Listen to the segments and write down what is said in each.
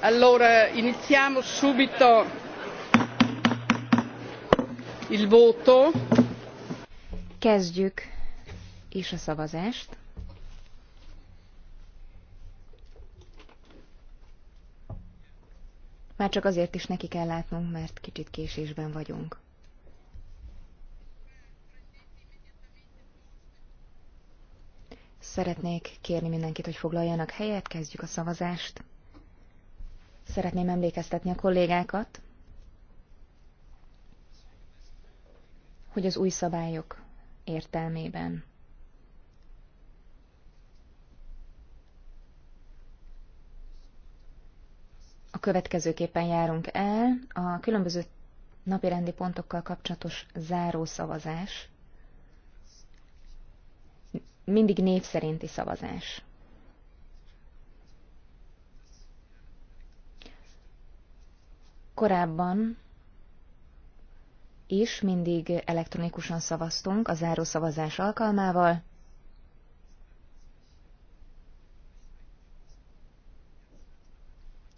Allora, iniziamo subito il voto. Kezdjük is a szavazást. Már csak azért is neki kell látnunk, mert kicsit késésben vagyunk. Szeretnék kérni mindenkit, hogy foglaljanak helyet, kezdjük a szavazást. Szeretném emlékeztetni a kollégákat, hogy az új szabályok értelmében a következőképpen járunk el. A különböző napirendi pontokkal kapcsolatos zárószavazás mindig név szerinti szavazás. Korábban is mindig elektronikusan szavaztunk a záró szavazás alkalmával.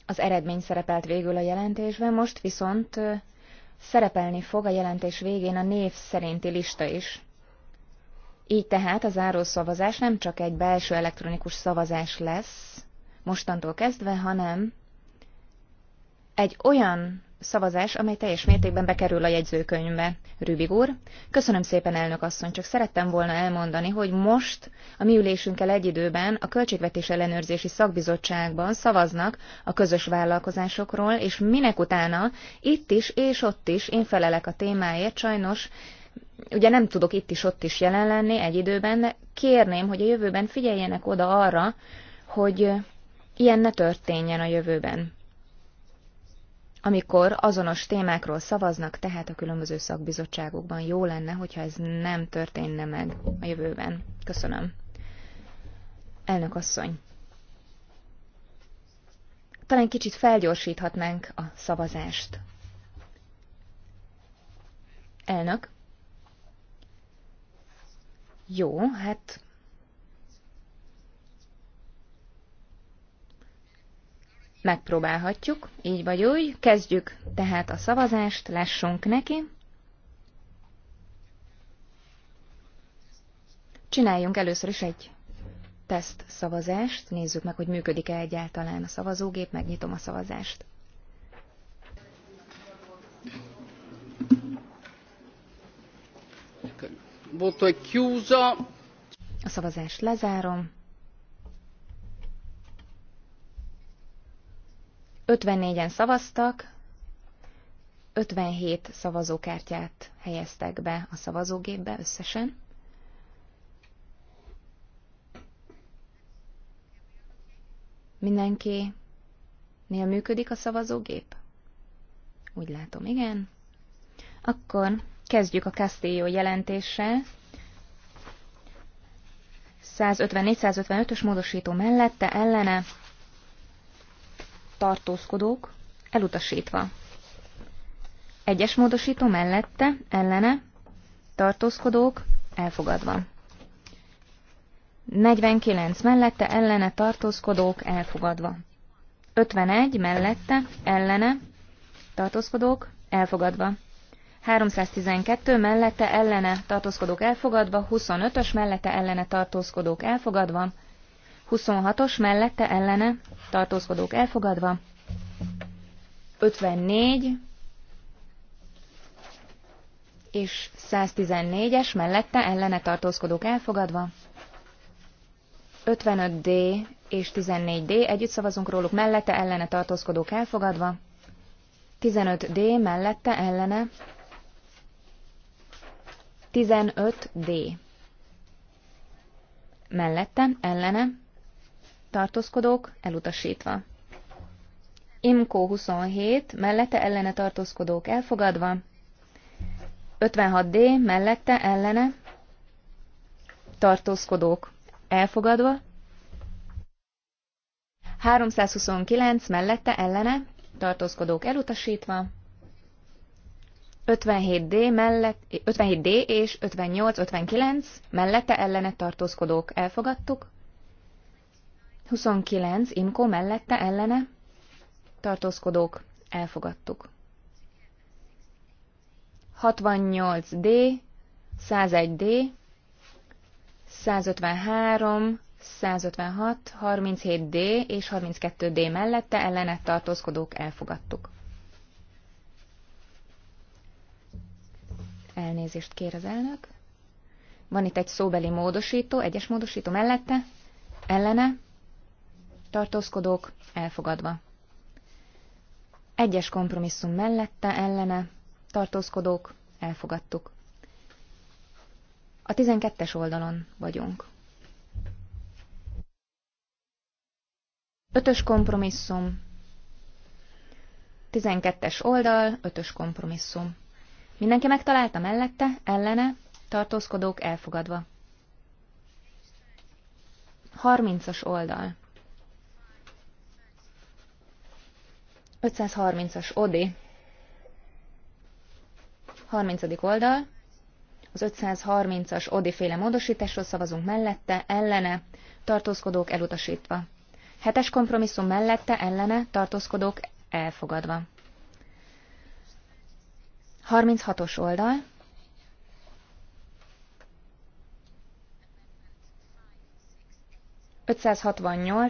Az eredmény szerepelt végül a jelentésben, most viszont szerepelni fog a jelentés végén a név szerinti lista is. Így tehát a záró szavazás nem csak egy belső elektronikus szavazás lesz mostantól kezdve, hanem egy olyan szavazás, amely teljes mértékben bekerül a jegyzőkönyvbe. Rübig úr, köszönöm szépen elnök asszony, csak szerettem volna elmondani, hogy most a mi ülésünkkel egy időben a Költségvetés Ellenőrzési Szakbizottságban szavaznak a közös vállalkozásokról, és minek utána itt is és ott is én felelek a témáért, sajnos ugye nem tudok itt is ott is jelen lenni egy időben, de kérném, hogy a jövőben figyeljenek oda arra, hogy ilyen ne történjen a jövőben. Amikor azonos témákról szavaznak, tehát a különböző szakbizottságokban jó lenne, hogyha ez nem történne meg a jövőben. Köszönöm. Elnök asszony. Talán kicsit felgyorsíthatnánk a szavazást. Elnök. Jó, hát megpróbálhatjuk, így vagy úgy. Kezdjük tehát a szavazást, lássunk neki. Csináljunk először is egy teszt szavazást, nézzük meg, hogy működik-e egyáltalán a szavazógép, megnyitom a szavazást. Voto è chiuso. A szavazást lezárom. 54-en szavaztak, 57 szavazókártyát helyeztek be a szavazógépbe összesen. Mindenki? Mindenkinél működik a szavazógép? Úgy látom, igen. Akkor Kezdjük a Castillo jelentéssel. 154-155-ös módosító mellette ellene tartózkodók elutasítva. Egyes módosító mellette ellene tartózkodók elfogadva. 49 mellette ellene tartózkodók elfogadva. 51 mellette ellene tartózkodók elfogadva. 312 mellette ellene tartózkodók elfogadva, 25-ös mellette ellene tartózkodók elfogadva, 26-os mellette ellene tartózkodók elfogadva, 54 és 114-es mellette ellene tartózkodók elfogadva, 55D és 14D együtt szavazunk róluk mellette ellene tartózkodók elfogadva, 15D mellette ellene 15D. Mellettem, ellene, tartózkodók elutasítva. Imkó 27, mellette ellene tartózkodók elfogadva. 56D, mellette ellene tartózkodók elfogadva. 329, mellette ellene tartózkodók elutasítva. 57D, mellett, 57D és 58-59 mellette ellene tartózkodók elfogadtuk. 29 imko mellette ellene tartózkodók elfogadtuk. 68D, 101D, 153, 156, 37D és 32D mellette ellenet tartózkodók elfogadtuk. Elnézést kér az elnök. Van itt egy szóbeli módosító, egyes módosító mellette, ellene, tartózkodók elfogadva. Egyes kompromisszum mellette, ellene, tartózkodók elfogadtuk. A 12-es oldalon vagyunk. Ötös kompromisszum. 12-es oldal, ötös kompromisszum. Mindenki megtalálta mellette, ellene, tartózkodók elfogadva. 30-as oldal. 530-as Odi. 30. oldal. Az 530-as Odi féle módosításról szavazunk mellette, ellene, tartózkodók elutasítva. Hetes kompromisszum mellette, ellene, tartózkodók elfogadva. 36-os oldal.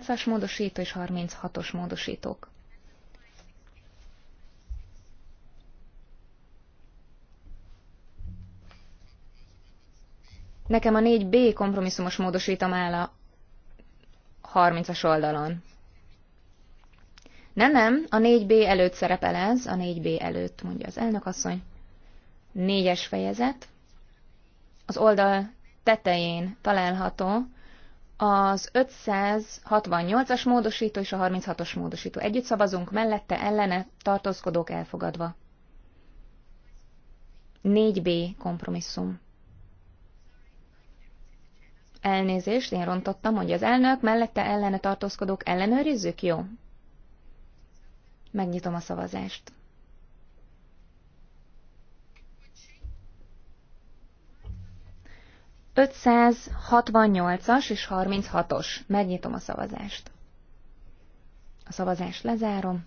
as módosító és 36-os módosítók. Nekem a 4B kompromisszumos módosítom áll a 30-as oldalon. Nem, nem, a 4B előtt szerepel ez, a 4B előtt, mondja az elnökasszony négyes fejezet, az oldal tetején található az 568-as módosító és a 36-os módosító. Együtt szavazunk mellette, ellene, tartózkodók elfogadva. 4B kompromisszum. Elnézést, én rontottam, hogy az elnök mellette ellene tartózkodók ellenőrizzük, jó? Megnyitom a szavazást. 568-as és 36-os. Megnyitom a szavazást. A szavazást lezárom.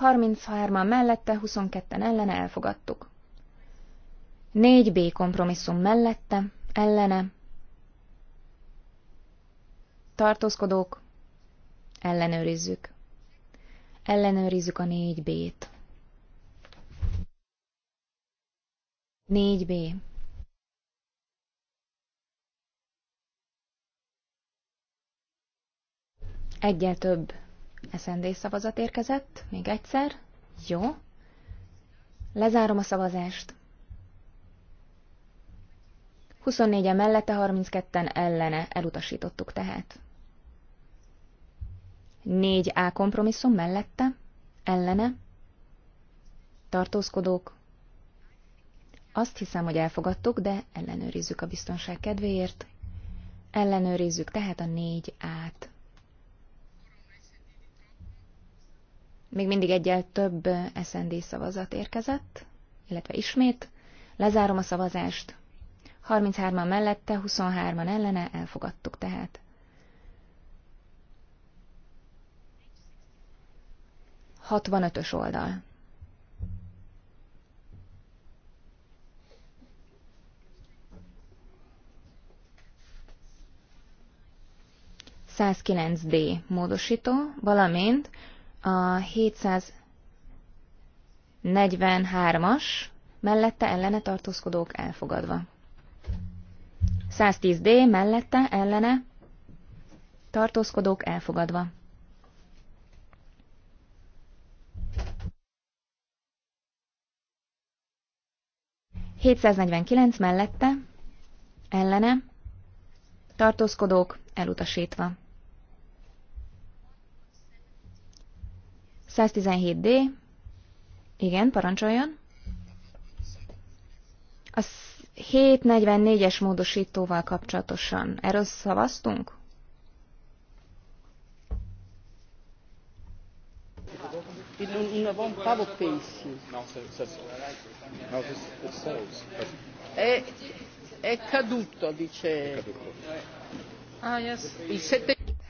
33-an mellette, 22-en ellene elfogadtuk. 4B kompromisszum mellette, ellene. Tartózkodók, ellenőrizzük. Ellenőrizzük a 4B-t. 4b. Egyel több SND szavazat érkezett. Még egyszer. Jó. Lezárom a szavazást. 24-en mellette, 32-en ellene elutasítottuk tehát. 4A kompromisszum mellette, ellene, tartózkodók, azt hiszem, hogy elfogadtuk, de ellenőrizzük a biztonság kedvéért. Ellenőrizzük tehát a négy át. Még mindig egyel több SND szavazat érkezett, illetve ismét. Lezárom a szavazást. 33-an mellette, 23-an ellene, elfogadtuk tehát. Hatvanötös oldal. 709 d módosító, valamint a 743-as mellette ellene tartózkodók elfogadva. 110D mellette ellene tartózkodók elfogadva. ...749 mellette, ellene, tartózkodók elutasítva. 117D. Igen, parancsoljon. A 744-es módosítóval kapcsolatosan. Erről szavaztunk? caduto, ah,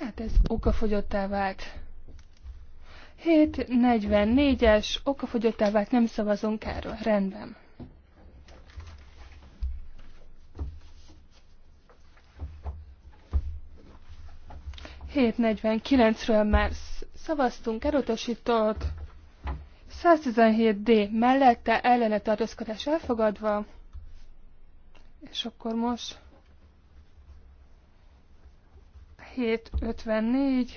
Hát ez okafogyottá vált. 744-es, okafogyottá vált, nem szavazunk erről. Rendben. ről már szavaztunk, elutasított. 117D mellette ellene tartózkodás elfogadva. És akkor most 754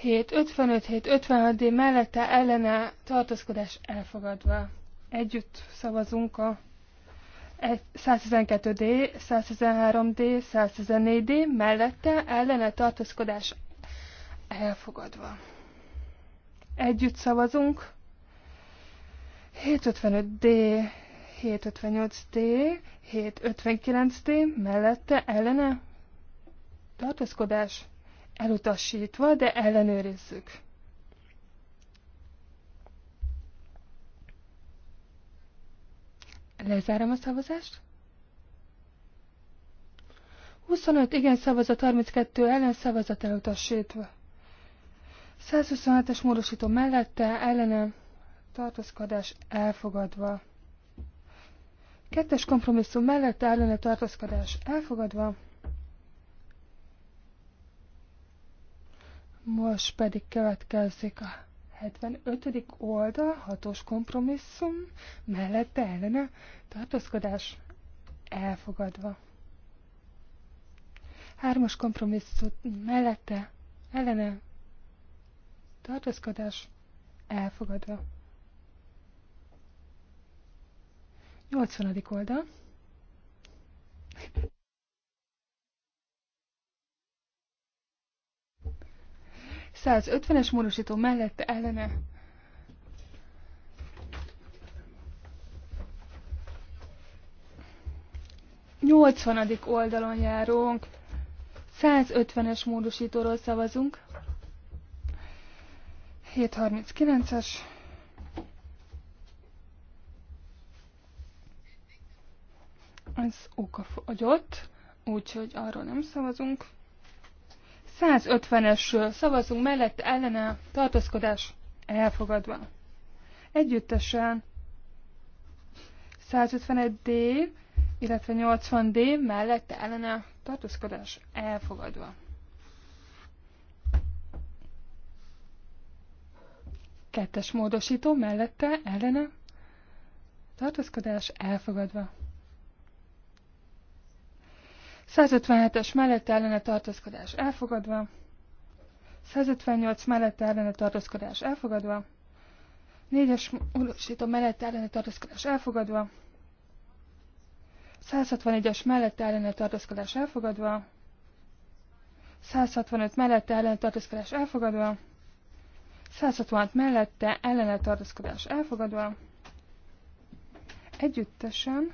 755, 756 D mellette ellene tartózkodás elfogadva. Együtt szavazunk a 112 D, 113 D, 114 D mellette ellene tartózkodás elfogadva. Együtt szavazunk 755 D, 758 D, 759 D mellette ellene tartózkodás elfogadva elutasítva, de ellenőrizzük. Lezárom a szavazást. 25 igen szavazat, 32 ellen szavazat elutasítva. 127-es módosító mellette ellene tartózkodás elfogadva. Kettes kompromisszum mellette ellene tartózkodás elfogadva. Most pedig következik a 75. oldal, hatos kompromisszum, mellette ellene tartózkodás elfogadva. Hármas kompromisszum mellette ellene tartózkodás elfogadva. 80. oldal. 150-es módosító mellette ellene Nyolcvanadik oldalon járunk, 150-es módosítóról szavazunk, 739-es, ez okafogyott, úgyhogy arról nem szavazunk. 150 es szavazunk mellette ellene tartózkodás elfogadva. Együttesen 151D, illetve 80D mellette ellene tartózkodás elfogadva. Kettes módosító mellette ellene tartózkodás elfogadva. 157-es mellett ellene tartózkodás elfogadva. 158 mellett ellene tartózkodás elfogadva. 4-es módosító mellett ellene tartózkodás elfogadva. 164 es mellett ellene tartózkodás elfogadva. 165 mellette ellene tartózkodás elfogadva. 166 mellette ellene tartózkodás elfogadva. Együttesen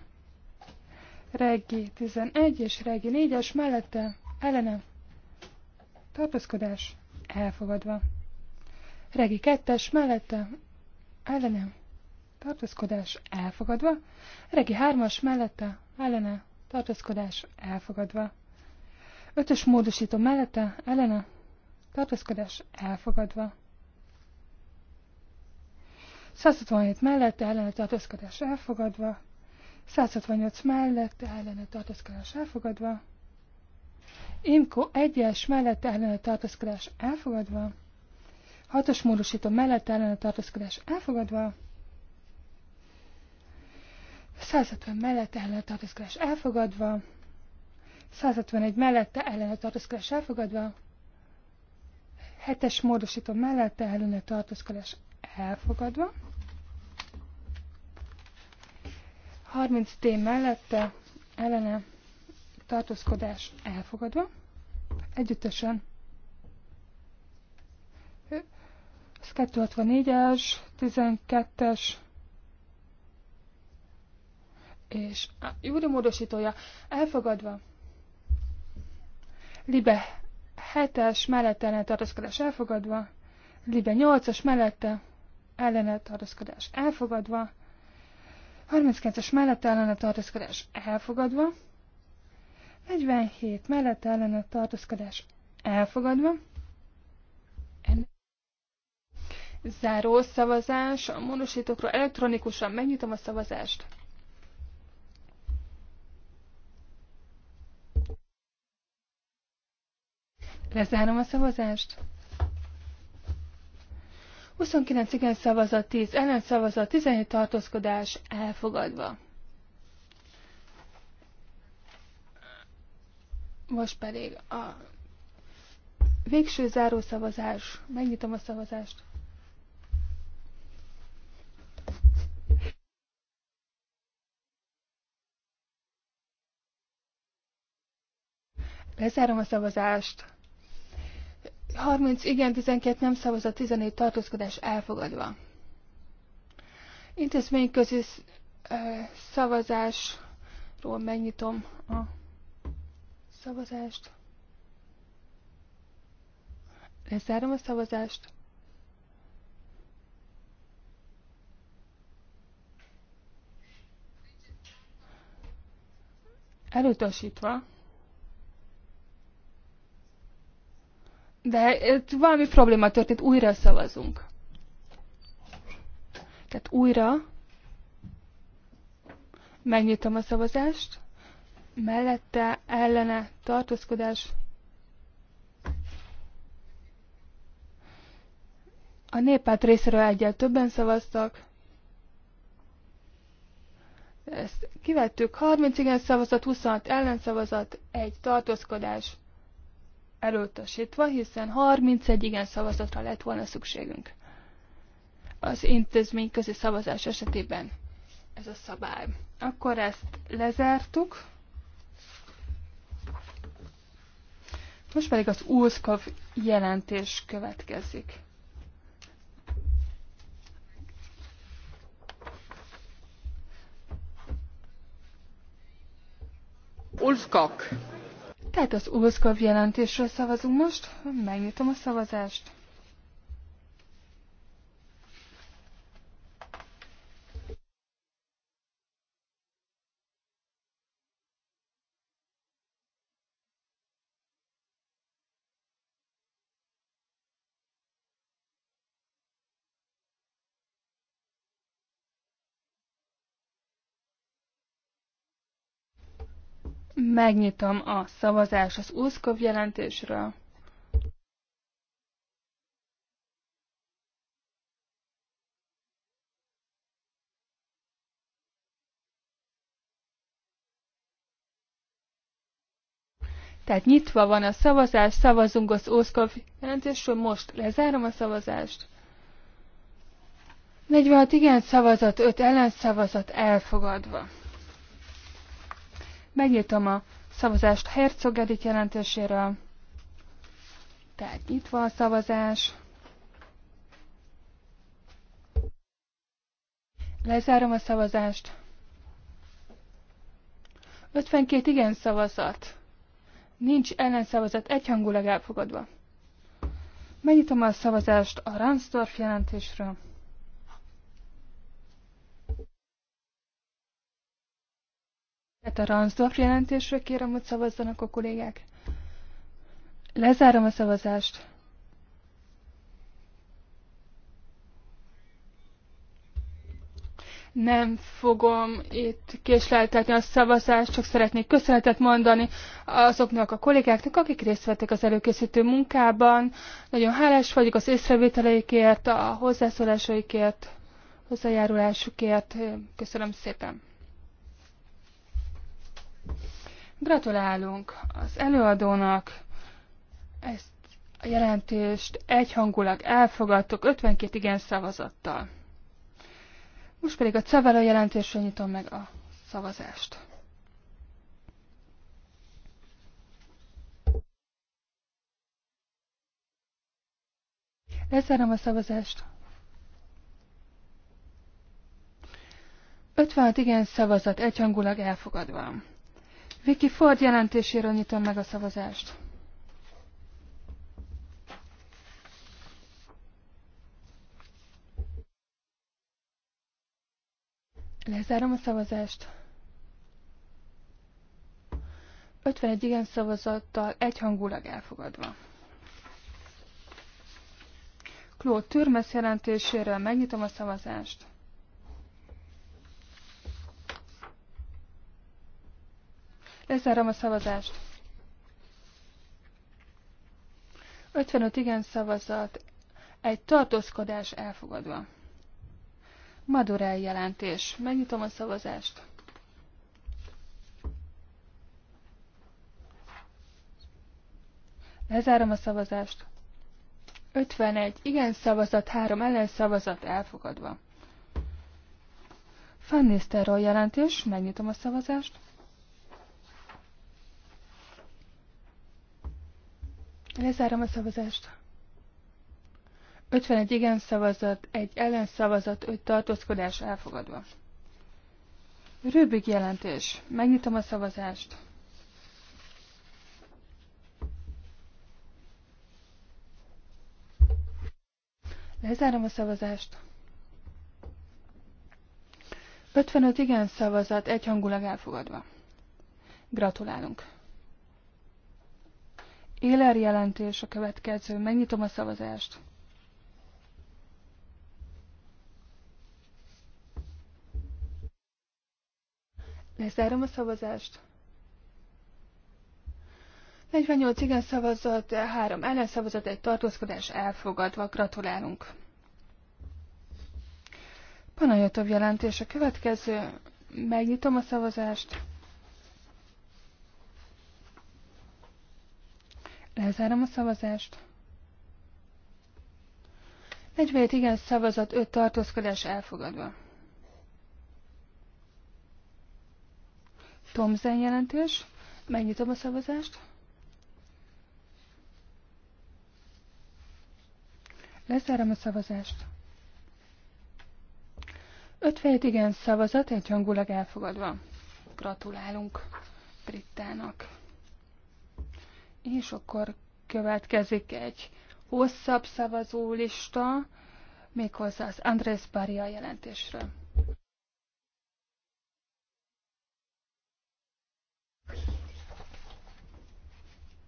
Reggi 11 és Reggi 4-es mellette ellenem tartózkodás elfogadva. Reggi 2-es mellette ellenem tartózkodás elfogadva. Reggi 3-as mellette ellene tartózkodás elfogadva. 5-ös módosító mellette ellene tartózkodás elfogadva. 167 mellette ellene tartózkodás elfogadva, 168 mellette ellene tartózkodás elfogadva. Imko 1-es mellette ellene tartózkodás elfogadva. 6-os módosító mellette ellene tartózkodás elfogadva. 150 mellette ellene tartózkodás elfogadva. 151 mellette ellene tartózkodás elfogadva. 7-es módosító mellette ellene tartózkodás elfogadva. 30 T mellette ellene tartózkodás elfogadva. Együttesen az 264-es, 12-es és a Júri módosítója elfogadva. Libe 7-es mellette ellene tartózkodás elfogadva. Libe 8-as mellette ellene tartózkodás elfogadva. 39-es mellette ellene tartózkodás elfogadva. 47 mellette ellene tartózkodás elfogadva. Záró szavazás a módosítókról elektronikusan megnyitom a szavazást. Lezárom a szavazást. 29 igen szavazat, 10 ellen szavazat, 17 tartózkodás elfogadva. Most pedig a végső záró szavazás. Megnyitom a szavazást. Lezárom a szavazást. 30 igen, 12 nem szavazat, 14 tartózkodás elfogadva. közé szavazásról megnyitom a szavazást. Lezárom a szavazást. Elutasítva. De itt valami probléma történt, újra szavazunk. Tehát újra megnyitom a szavazást, mellette ellene tartózkodás. A néppárt részéről egyel többen szavaztak. Ezt kivettük, 30 igen szavazat, 26 ellenszavazat, egy tartózkodás elutasítva, hiszen 31 igen szavazatra lett volna szükségünk. Az intézmény közi szavazás esetében ez a szabály. Akkor ezt lezártuk. Most pedig az úszkav jelentés következik. Ulfkak. Tehát az Ulszkov jelentésről szavazunk most. Megnyitom a szavazást. Megnyitom a szavazás az Úszkov jelentésről. Tehát nyitva van a szavazás, szavazunk az Oszkov jelentésről, most lezárom a szavazást. 46 igen szavazat, 5 ellenszavazat elfogadva. Megnyitom a szavazást Herzog Edith jelentéséről. Tehát itt van a szavazás. Lezárom a szavazást. 52 igen szavazat. Nincs ellenszavazat, egyhangulag elfogadva. Megnyitom a szavazást a Ransdorf jelentésről. Hát a Ransdorf jelentésre kérem, hogy szavazzanak a kollégák. Lezárom a szavazást. nem fogom itt késleltetni a szavazást, csak szeretnék köszönetet mondani azoknak a kollégáknak, akik részt vettek az előkészítő munkában. Nagyon hálás vagyok az észrevételeikért, a hozzászólásaikért, hozzájárulásukért. Köszönöm szépen! Gratulálunk az előadónak, ezt a jelentést egyhangulag elfogadtuk 52 igen szavazattal. Most pedig a Cevera jelentésre nyitom meg a szavazást. Lezárom a szavazást. 56 igen szavazat egyhangulag elfogadva. Vicky Ford jelentéséről nyitom meg a szavazást. Lezárom a szavazást. 51 igen szavazattal egyhangulag elfogadva. Claude Türmes jelentéséről megnyitom a szavazást. Lezárom a szavazást. 55 igen szavazat, egy tartózkodás elfogadva. Madurai jelentés. Megnyitom a szavazást. Lezárom a szavazást. 51 igen szavazat, 3 ellen szavazat elfogadva. Fannisterról jelentés. Megnyitom a szavazást. Lezárom a szavazást. 51 igen szavazat, egy ellen szavazat, 5 tartózkodás elfogadva. Röbig jelentés. Megnyitom a szavazást. Lezárom a szavazást. 55 igen szavazat egy hangulag elfogadva. Gratulálunk! Éler jelentés a következő. Megnyitom a szavazást. Lezárom a szavazást. 48 igen szavazat, 3 szavazat, egy tartózkodás elfogadva. Gratulálunk! Panajotov jelentés a következő. Megnyitom a szavazást. Lezárom a szavazást. 47 igen szavazat, 5 tartózkodás elfogadva. Tomzen jelentés. Megnyitom a szavazást. Lezárom a szavazást. 57 igen szavazat, egy hangulag elfogadva. Gratulálunk Brittának. És akkor következik egy hosszabb szavazólista, méghozzá az Andrés Baria jelentésre.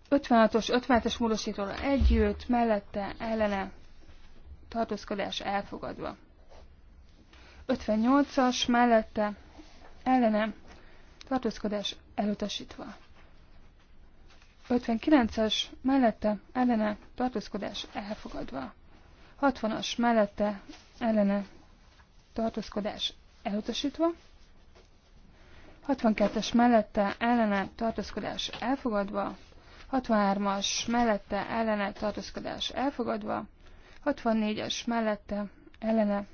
Ötvenhatos, ötvenhetes módosítóra együtt, mellette, ellene, tartózkodás elfogadva. 58-as, mellette, ellene, tartózkodás elutasítva. 59-es mellette ellene tartózkodás elfogadva. 60-as mellette ellene tartózkodás elutasítva. 62-es mellette ellene tartózkodás elfogadva. 63-as mellette ellene tartózkodás elfogadva. 64-es mellette ellene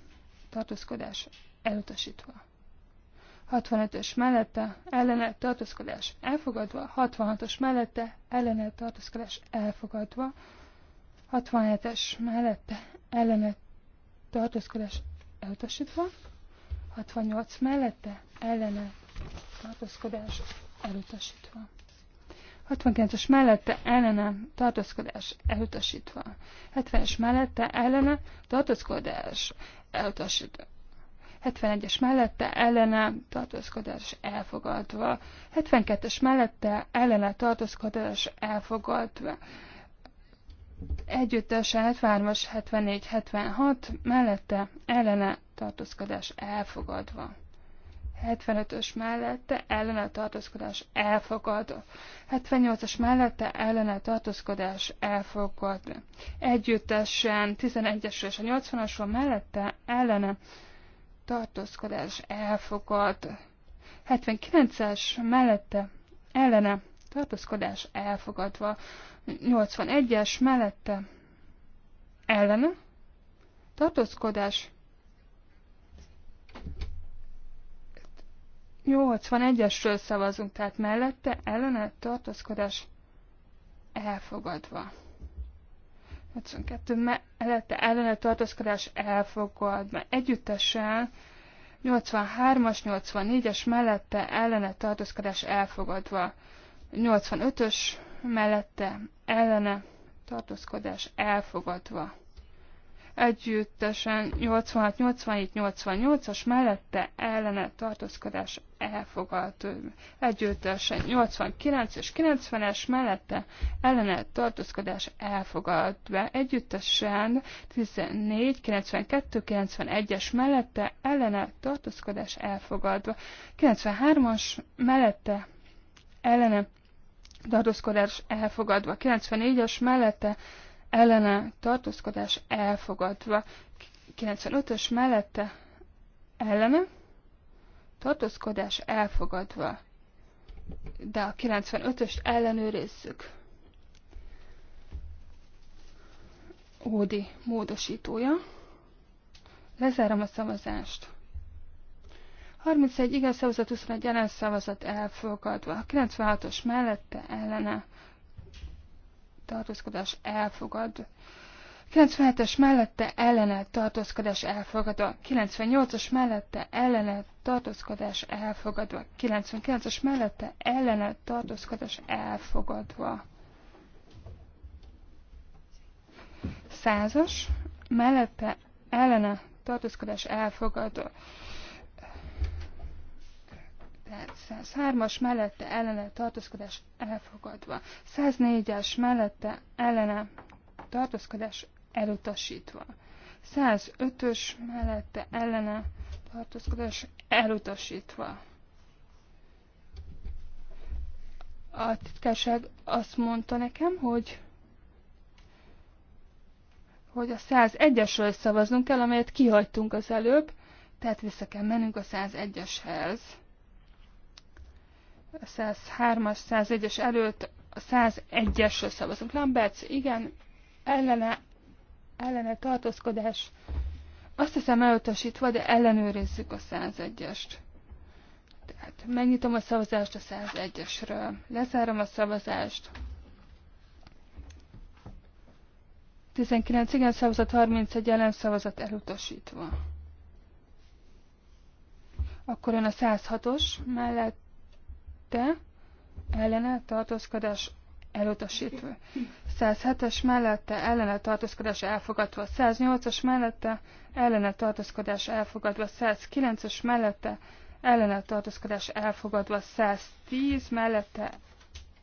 tartózkodás elutasítva. 65-ös mellette ellene tartózkodás elfogadva, 66-os mellette ellene tartózkodás elfogadva, 67-es mellette ellene tartózkodás elutasítva, 68 mellette ellene tartózkodás elutasítva. 69-es mellette ellene tartózkodás elutasítva. 70-es mellette ellene tartózkodás elutasítva. 71-es mellette ellene tartózkodás elfogadva, 72-es mellette ellene tartózkodás elfogadva, együttesen 73-as, 74, 76 mellette ellene tartózkodás elfogadva. 75-ös mellette ellene tartózkodás elfogadva. 78-as mellette ellene tartózkodás elfogadva. Együttesen 11-es és a 80-asról mellette ellene tartózkodás elfogad. 79-es mellette ellene tartózkodás elfogadva. 81-es mellette ellene tartózkodás 81-esről szavazunk, tehát mellette ellene tartózkodás elfogadva. 82 mellette ellene tartózkodás mert Együttesen 83-as, 84-es mellette ellene tartózkodás elfogadva. 85-ös mellette ellene tartózkodás elfogadva együttesen 86, 87, 88-as mellette ellene tartózkodás elfogadható. Együttesen 89 és 90-es mellette ellene tartózkodás elfogadva. Együttesen 14, 92, 91-es mellette ellene tartózkodás elfogadva. 93-as mellette ellene tartózkodás elfogadva. 94-es mellette ellene tartózkodás elfogadva. 95-ös mellette ellene tartózkodás elfogadva. De a 95-öst ellenőrizzük. Ódi módosítója. Lezárom a szavazást. 31 igen szavazat, 21 ellen szavazat elfogadva. 96-os mellette ellene tartózkodás elfogad. 97-es mellette ellene tartózkodás elfogadva, 98-as mellette ellene tartózkodás elfogadva, 99-as mellette ellene tartózkodás elfogadva. 100-as mellette ellene tartózkodás elfogadva, 103-as mellette ellene tartózkodás elfogadva. 104-es mellette ellene tartózkodás elutasítva. 105-ös mellette ellene tartózkodás elutasítva. A titkárság azt mondta nekem, hogy hogy a 101-esről szavaznunk kell, amelyet kihagytunk az előbb, tehát vissza kell mennünk a 101-eshez a 103-as, 101-es előtt a 101-esről szavazunk. Lambert, igen, ellene, ellene tartózkodás. Azt hiszem elutasítva, de ellenőrizzük a 101-est. Tehát megnyitom a szavazást a 101-esről. Lezárom a szavazást. 19 igen szavazat, 31 ellen szavazat elutasítva. Akkor jön a 106-os mellett mellette, ellene tartózkodás elutasítva. 107-es mellette ellene tartózkodás elfogadva, 108-as mellette ellene tartózkodás elfogadva, 109-es mellette ellene tartózkodás elfogadva, 110 mellette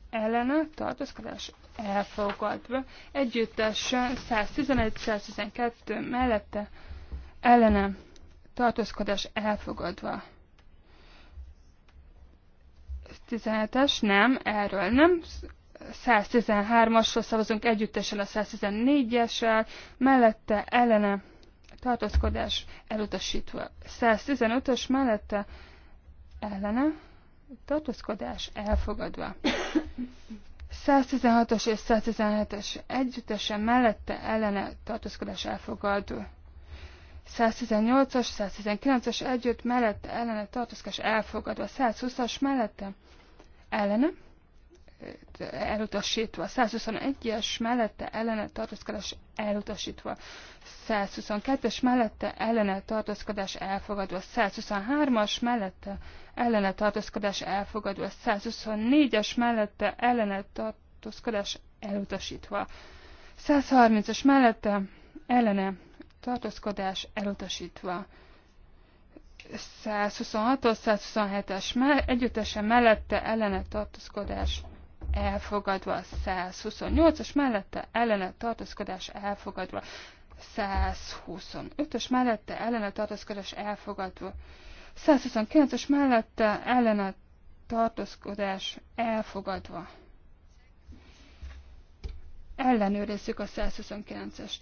ellene tartózkodás elfogadva, együttesen 111-112 mellette ellene tartózkodás elfogadva. 117-es, nem, erről nem. 113-asról szavazunk együttesen a 114-essel, mellette ellene tartózkodás elutasítva. 115-ös mellette ellene tartózkodás elfogadva. 116-os és 117-es együttesen mellette ellene tartózkodás elfogadva. 118-as, 119-as együtt mellette ellene tartozkodás elfogadva, 120-as mellette ellene elutasítva, 121-es mellette ellene tartózkodás elutasítva, 122-es mellette ellene tartózkodás elfogadva, 123-as mellette ellene tartózkodás elfogadva, 124-es mellette ellene tartózkodás elutasítva, 130-as mellette ellene tartózkodás elutasítva. 126 127-es együttesen mellette ellene tartózkodás elfogadva, 128-as mellette ellene tartózkodás elfogadva, 125-ös mellette ellene tartózkodás elfogadva, 129-ös mellette ellene tartózkodás elfogadva. Ellenőrizzük a 129-est.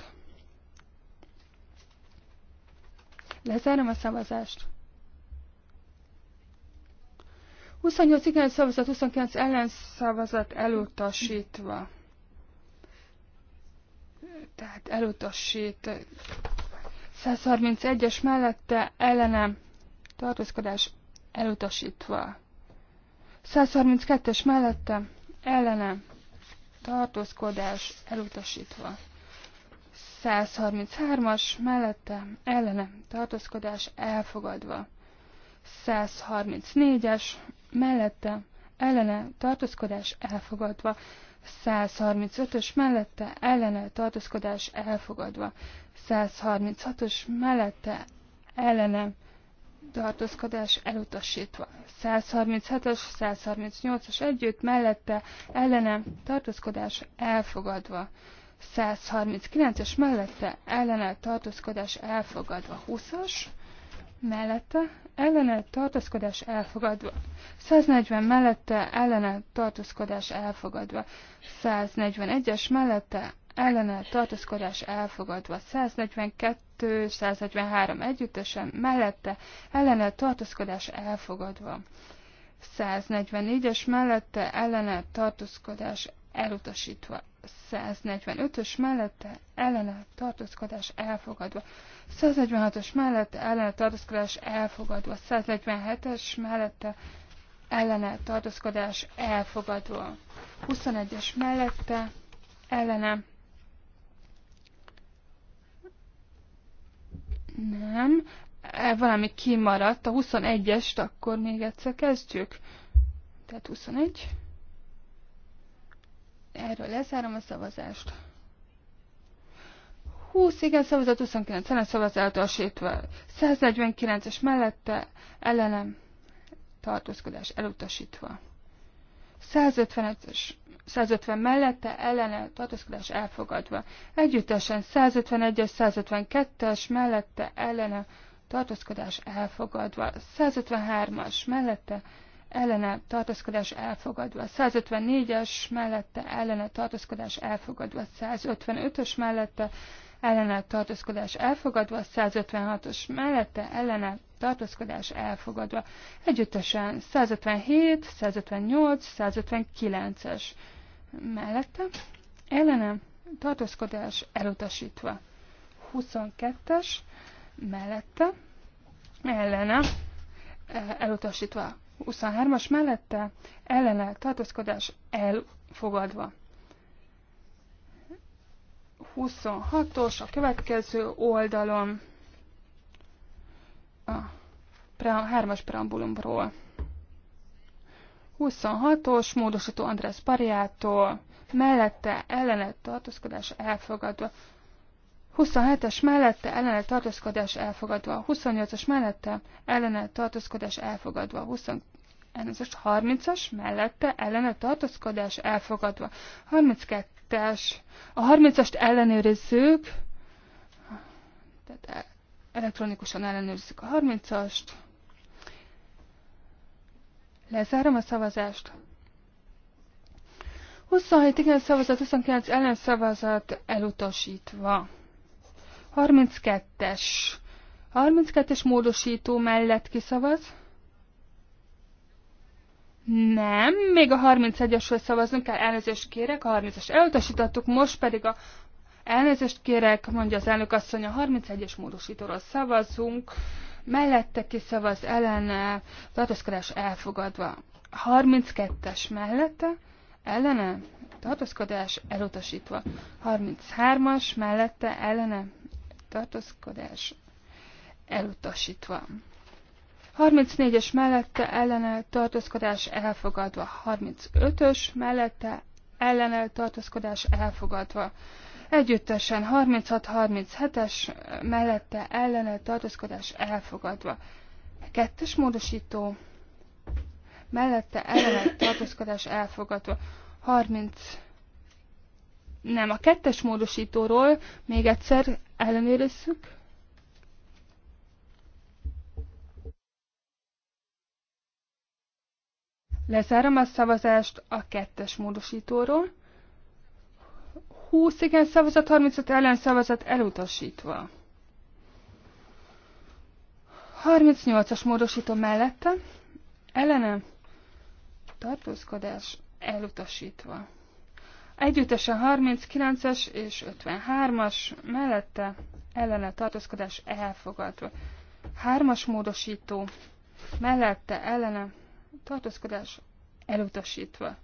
Lezárom a szavazást. 28 igen szavazat, 29 ellen szavazat elutasítva. Tehát elutasít. 131-es mellette ellenem tartózkodás elutasítva. 132-es mellette ellenem tartózkodás elutasítva. 133-as mellette ellenem tartózkodás elfogadva. 134-es mellette ellene tartózkodás elfogadva. 135-ös mellette ellene tartózkodás elfogadva. 136-os mellette ellene tartózkodás elutasítva. 137-es, 138-as együtt mellette ellene tartózkodás elfogadva. 139-es mellette ellenel tartózkodás elfogadva 20-as, mellette ellenel tartózkodás elfogadva, 140 mellette ellenel tartózkodás elfogadva, 141-es mellette ellenel tartózkodás elfogadva, 142, 143 együttesen mellette ellenel tartózkodás elfogadva, 144-es mellette ellenel tartózkodás elutasítva, 145-ös mellette ellene tartózkodás elfogadva, 146-os mellette ellene tartózkodás elfogadva, 147-es mellette ellene tartózkodás elfogadva, 21-es mellette ellene nem, e, valami kimaradt, a 21-est akkor még egyszer kezdjük. Tehát 21. Erről lezárom a szavazást. 20 igen szavazat, 29 ellen szavazat elutasítva, 149-es mellette ellenem tartózkodás elutasítva. 155-es 150 mellette ellene tartózkodás elfogadva. Együttesen 151-es, 152-es mellette ellene tartózkodás elfogadva. 153-as mellette ellene tartózkodás elfogadva, 154-es mellette ellene tartózkodás elfogadva, 155-ös mellette ellene tartózkodás elfogadva, 156-os mellette ellene tartózkodás elfogadva. Együttesen 157, 158, 159-es mellette ellene tartózkodás elutasítva. 22-es mellette ellene eh, elutasítva. 23-as mellette ellene tartózkodás elfogadva. 26-os a következő oldalon a 3-as preambulumról. 26-os módosító András Pariától mellette ellene tartózkodás elfogadva. 27-es mellette ellene tartózkodás elfogadva, 28-as mellette ellene tartózkodás elfogadva, 20 elnézést, 30-as mellette ellene tartózkodás elfogadva. 32-es, a 30-ast ellenőrizzük, tehát elektronikusan ellenőrizzük a 30-ast. Lezárom a szavazást. 27 igen szavazat, 29 ellen szavazat elutasítva. 32-es. 32-es módosító mellett kiszavaz. Nem, még a 31-esről szavaznunk kell, elnézést kérek, a 30-es elutasítottuk, most pedig a elnézést kérek, mondja az elnök asszony, a 31-es módosítóról szavazunk, mellette kiszavaz ellene, tartózkodás elfogadva. 32-es mellette, ellene, tartózkodás elutasítva. 33-as mellette, ellene, tartózkodás elutasítva. 34-es mellette ellene tartózkodás elfogadva, 35-ös mellette ellene tartózkodás elfogadva. Együttesen 36-37-es mellette ellene tartózkodás elfogadva. Kettes módosító mellette ellene tartózkodás elfogadva. 30 nem, a kettes módosítóról még egyszer ellenőrizzük. Lezárom a szavazást a kettes módosítóról. 20 igen szavazat, 35 ellen szavazat elutasítva. 38-as módosító mellette, ellene tartózkodás elutasítva a 39-es és 53-as mellette ellene tartózkodás elfogadva. Hármas módosító mellette ellene tartózkodás elutasítva.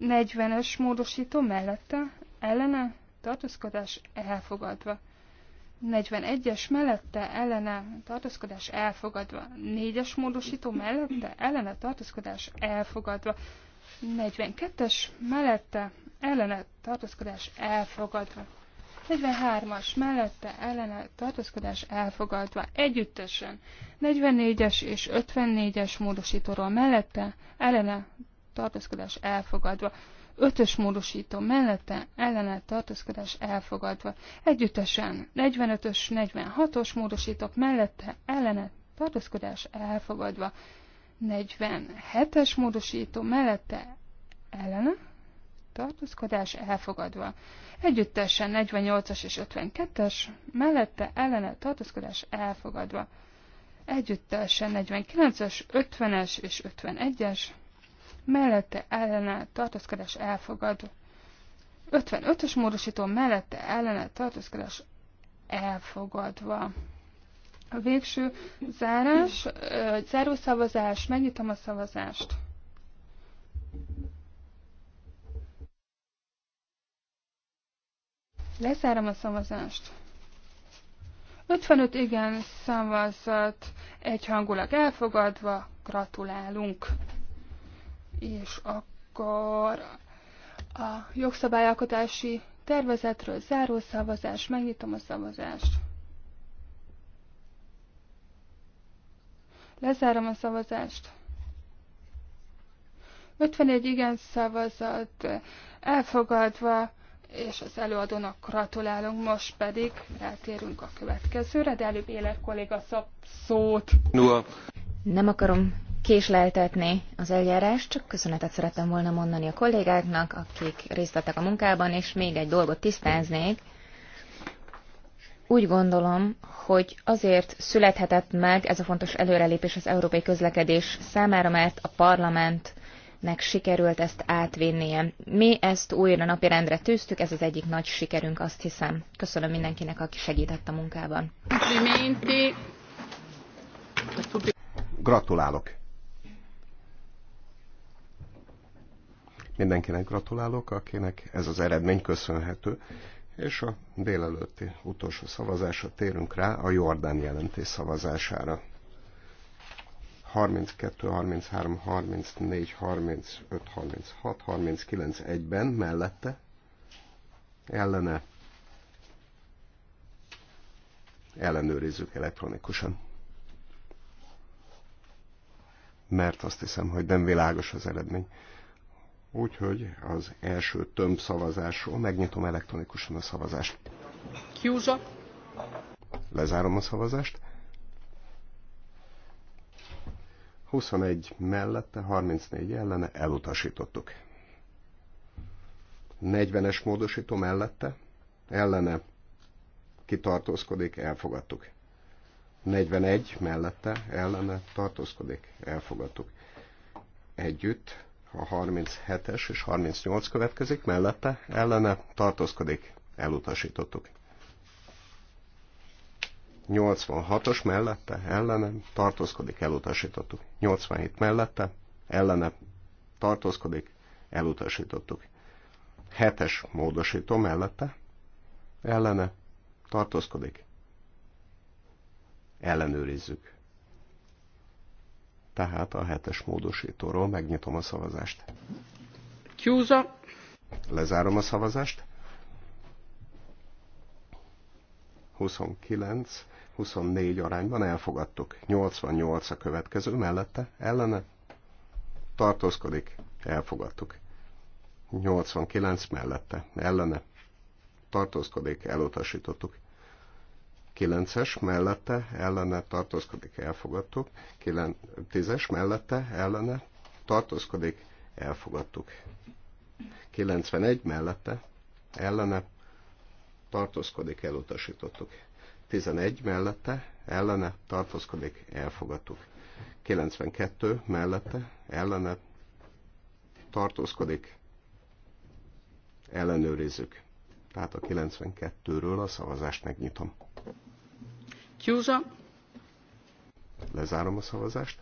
40-es módosító mellette ellene tartózkodás elfogadva. 41-es mellette ellene tartózkodás elfogadva. 4-es módosító mellette ellene tartózkodás elfogadva. 42-es mellette ellene tartózkodás elfogadva. 43-as mellette ellene tartózkodás elfogadva együttesen. 44-es és 54-es módosítóról mellette ellene tartózkodás elfogadva. 5-ös módosító mellette ellene tartózkodás elfogadva. Együttesen 45-ös, 46-os módosítók mellette ellene tartózkodás elfogadva. 47-es módosító mellette ellene tartózkodás elfogadva. Együttesen 48-as és 52-es, mellette ellene tartózkodás elfogadva. Együttesen 49-es, 50-es és 51-es, mellette ellene tartózkodás elfogadva. 55-ös módosító mellette ellene tartózkodás elfogadva. A végső zárás, zárószavazás, megnyitom a szavazást. Lezárom a szavazást. 55 igen szavazat, egyhangulag elfogadva, gratulálunk. És akkor a jogszabályalkotási tervezetről záró szavazás, megnyitom a szavazást. Lezárom a szavazást. 51 igen szavazat, elfogadva, és az előadónak gratulálunk, most pedig eltérünk a következőre, de előbb élek kolléga szab szót. Nua. Nem akarom késleltetni az eljárást, csak köszönetet szerettem volna mondani a kollégáknak, akik részt vettek a munkában, és még egy dolgot tisztáznék. Úgy gondolom, hogy azért születhetett meg ez a fontos előrelépés az európai közlekedés számára, mert a parlament nek sikerült ezt átvinnie. Mi ezt újra napirendre tűztük, ez az egyik nagy sikerünk, azt hiszem. Köszönöm mindenkinek, aki segített a munkában. Gratulálok! Mindenkinek gratulálok, akinek ez az eredmény köszönhető. És a délelőtti utolsó szavazásra térünk rá, a Jordán jelentés szavazására. 32, 33, 34, 35, 36, 39 ben mellette ellene ellenőrizzük elektronikusan. Mert azt hiszem, hogy nem világos az eredmény. Úgyhogy az első tömb szavazásról megnyitom elektronikusan a szavazást. Kiúza. Lezárom a szavazást. 21 mellette, 34 ellene elutasítottuk. 40-es módosító mellette, ellene kitartózkodik, elfogadtuk. 41 mellette, ellene tartózkodik, elfogadtuk. Együtt a 37-es és 38 következik, mellette, ellene tartózkodik, elutasítottuk. 86-os mellette, ellenem, tartózkodik, elutasítottuk. 87 mellette, ellene, tartózkodik, elutasítottuk. 7-es módosító mellette, ellene, tartózkodik, ellenőrizzük. Tehát a hetes módosítóról megnyitom a szavazást. Kiúza. Lezárom a szavazást. 29 24 arányban elfogadtuk. 88 a következő, mellette, ellene, tartózkodik, elfogadtuk. 89 mellette, ellene, tartózkodik, elutasítottuk. 9-es mellette, ellene, tartózkodik, elfogadtuk. 10-es mellette, ellene, tartózkodik, elfogadtuk. 91 mellette, ellene, tartózkodik, elutasítottuk. 11 mellette, ellene tartózkodik, elfogadtuk. 92 mellette, ellene tartózkodik, ellenőrizzük. Tehát a 92-ről a szavazást megnyitom. Kiúza. Lezárom a szavazást.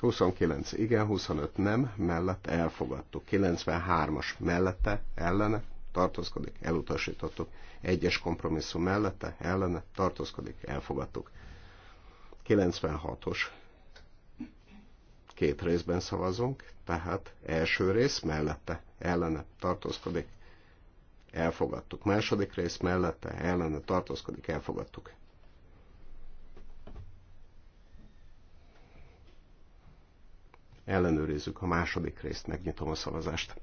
29 igen, 25 nem, mellett elfogadtuk. 93-as mellette, ellene tartózkodik, elutasítottuk. Egyes kompromisszum mellette, ellene, tartózkodik, elfogadtuk. 96-os. Két részben szavazunk, tehát első rész mellette, ellene, tartózkodik, elfogadtuk. Második rész mellette, ellene, tartózkodik, elfogadtuk. Ellenőrizzük a második részt, megnyitom a szavazást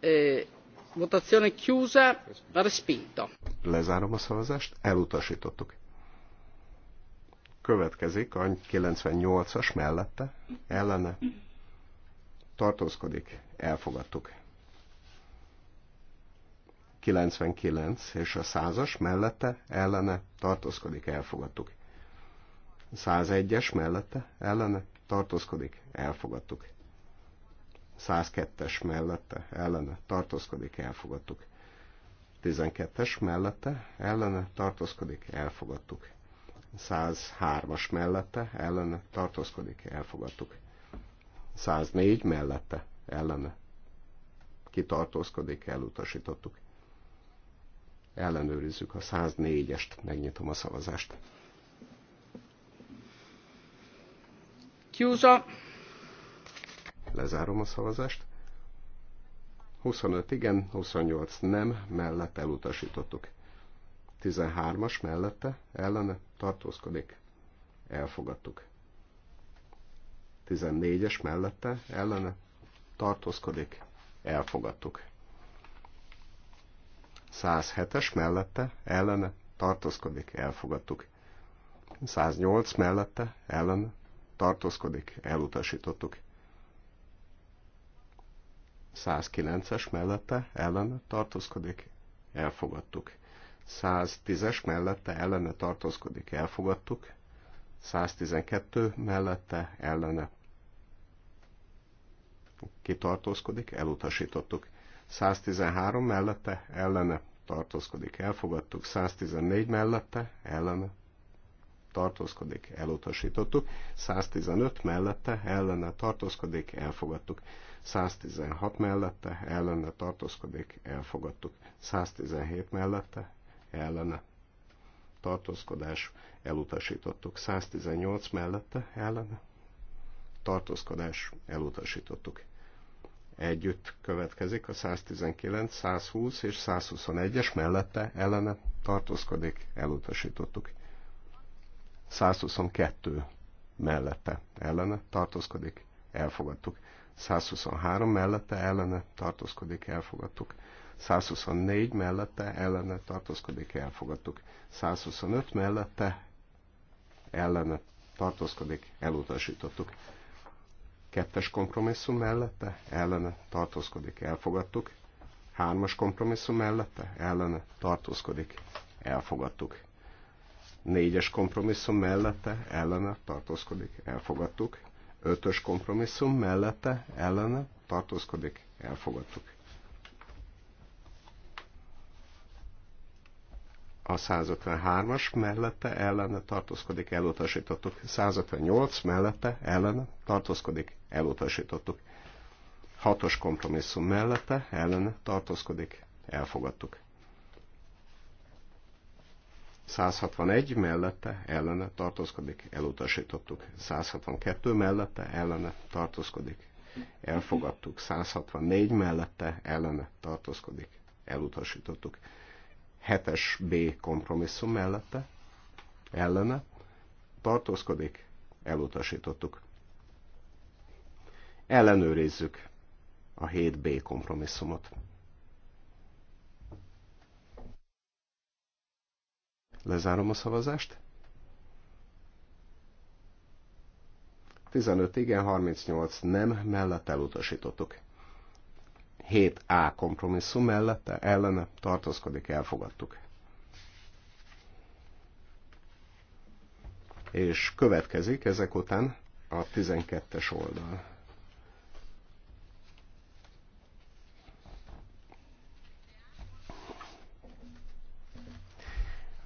eh, votazione chiusa respinto lezárom a szavazást elutasítottuk következik a 98-as mellette ellene tartózkodik elfogadtuk 99 és a 100-as mellette ellene tartózkodik elfogadtuk 101-es mellette ellene tartózkodik elfogadtuk 102-es mellette ellene tartózkodik, elfogadtuk. 12-es mellette ellene tartózkodik, elfogadtuk. 103-as mellette ellene tartózkodik, elfogadtuk. 104 mellette ellene kitartózkodik, elutasítottuk. Ellenőrizzük a 104-est, megnyitom a szavazást. Kiúza. Lezárom a szavazást. 25 igen, 28 nem, mellett elutasítottuk. 13-as mellette, ellene tartózkodik. Elfogadtuk. 14-es mellette, ellene tartózkodik. Elfogadtuk. 107-es mellette, ellene tartózkodik. Elfogadtuk. 108 mellette, ellene tartózkodik. Elutasítottuk. 109-es mellette ellene tartózkodik, elfogadtuk. 110-es mellette ellene tartózkodik, elfogadtuk. 112 mellette ellene kitartózkodik, elutasítottuk. 113 mellette ellene tartózkodik, elfogadtuk. 114 mellette ellene tartózkodik, elutasítottuk. 115 mellette ellene tartózkodik, elfogadtuk. 116 mellette ellene tartózkodik, elfogadtuk. 117 mellette ellene tartózkodás, elutasítottuk. 118 mellette ellene tartózkodás, elutasítottuk. Együtt következik a 119, 120 és 121-es mellette ellene tartózkodik, elutasítottuk. 122 mellette ellene tartózkodik, elfogadtuk. 123 mellette ellene tartózkodik, elfogadtuk. 124 mellette ellene tartózkodik, elfogadtuk. 125 mellette ellene tartózkodik, elutasítottuk. Kettes kompromisszum mellette ellene tartózkodik, elfogadtuk. Hármas kompromisszum mellette ellene tartózkodik, elfogadtuk. Négyes kompromisszum mellette ellene tartózkodik, elfogadtuk. Ötös kompromisszum mellette, ellene tartózkodik, elfogadtuk. a 153-as mellette ellene tartózkodik, elutasítottuk. 158 mellette ellene tartózkodik, elutasítottuk. 6-os kompromisszum mellette ellene tartózkodik, elfogadtuk. 161 mellette ellene tartózkodik, elutasítottuk. 162 mellette ellene tartózkodik, elfogadtuk. 164 mellette ellene tartózkodik, elutasítottuk. 7-es B kompromisszum mellette ellene tartózkodik, elutasítottuk. Ellenőrizzük a 7B kompromisszumot. Lezárom a szavazást. 15 igen, 38 nem, mellett elutasítottuk. 7A kompromisszum mellette ellene tartozkodik, elfogadtuk. És következik ezek után a 12-es oldal.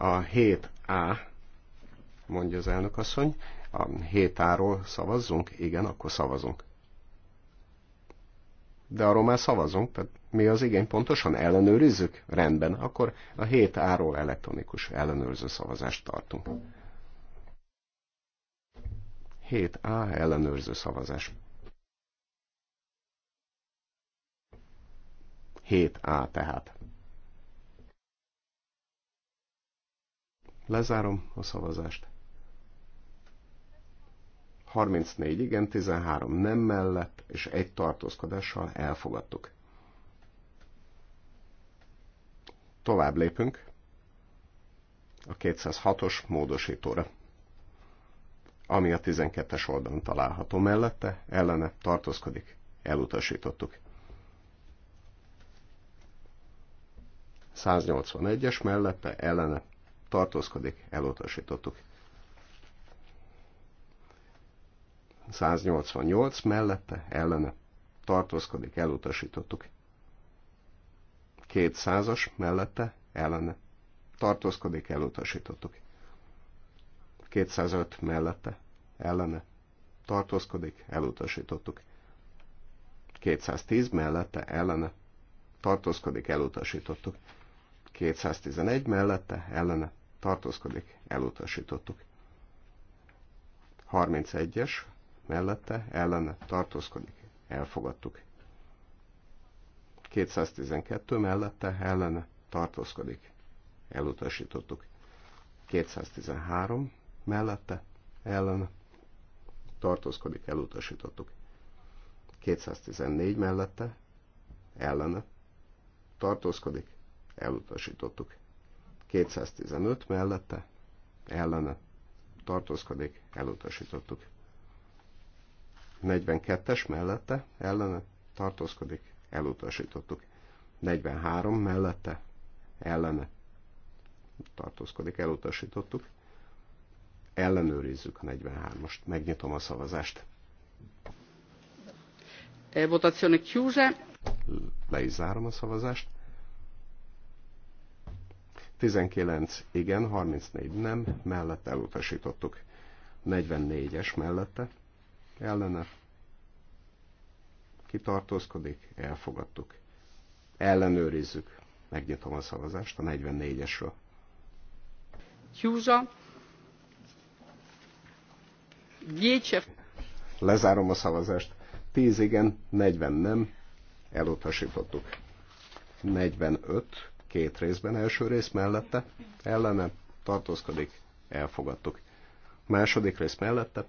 A 7A, mondja az elnökasszony, a 7A-ról szavazzunk? Igen, akkor szavazunk. De arról már szavazunk, tehát mi az igény pontosan ellenőrizzük? Rendben, akkor a 7A-ról elektronikus ellenőrző szavazást tartunk. 7A ellenőrző szavazás. 7A tehát. Lezárom a szavazást. 34 igen, 13 nem mellett, és egy tartózkodással elfogadtuk. Tovább lépünk a 206-os módosítóra, ami a 12-es oldalon található mellette, ellene tartózkodik, elutasítottuk. 181-es mellette, ellene tartózkodik, elutasítottuk. 188 mellette, ellene, tartózkodik, elutasítottuk. 200-as mellette, ellene, tartózkodik, elutasítottuk. 205 mellette, ellene, tartózkodik, elutasítottuk. 210 mellette, ellene, tartózkodik, elutasítottuk. 211 mellette, ellene, tartózkodik, elutasítottuk. 31-es mellette ellene tartózkodik, elfogadtuk. 212 mellette ellene tartózkodik, elutasítottuk. 213 mellette ellene tartózkodik, elutasítottuk. 214 mellette ellene tartózkodik, elutasítottuk. 215 mellette ellene tartózkodik, elutasítottuk. 42-es mellette ellene tartózkodik, elutasítottuk. 43 mellette ellene tartózkodik, elutasítottuk. Ellenőrizzük a 43 ost megnyitom a szavazást. E votazione chiusa. Le is zárom a szavazást. 19 igen, 34 nem, mellett elutasítottuk. 44-es mellette, ellene, kitartózkodik, elfogadtuk. Ellenőrizzük. Megnyitom a szavazást a 44-esről. Júza. Gyécsev. Lezárom a szavazást. 10 igen, 40 nem. Elutasítottuk. 45 két részben, első rész mellette, ellene tartózkodik, elfogadtuk. Második rész mellette,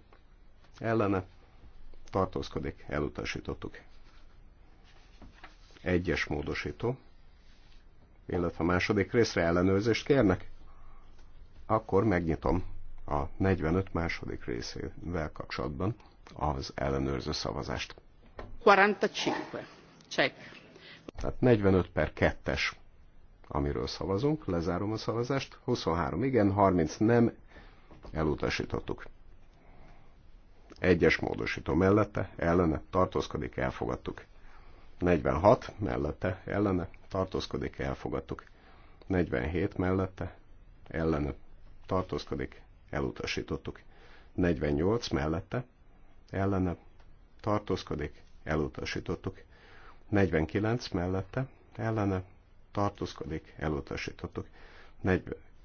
ellene tartózkodik, elutasítottuk. Egyes módosító, illetve a második részre ellenőrzést kérnek, akkor megnyitom a 45 második részével kapcsolatban az ellenőrző szavazást. 45. Check. Tehát 45 per 2-es amiről szavazunk. Lezárom a szavazást. 23 igen, 30 nem. Elutasítottuk. Egyes módosító mellette, ellene, tartózkodik, elfogadtuk. 46 mellette, ellene, tartózkodik, elfogadtuk. 47 mellette, ellene, tartózkodik, elutasítottuk. 48 mellette, ellene, tartózkodik, elutasítottuk. 49 mellette, ellene, tartózkodik, elutasítottuk.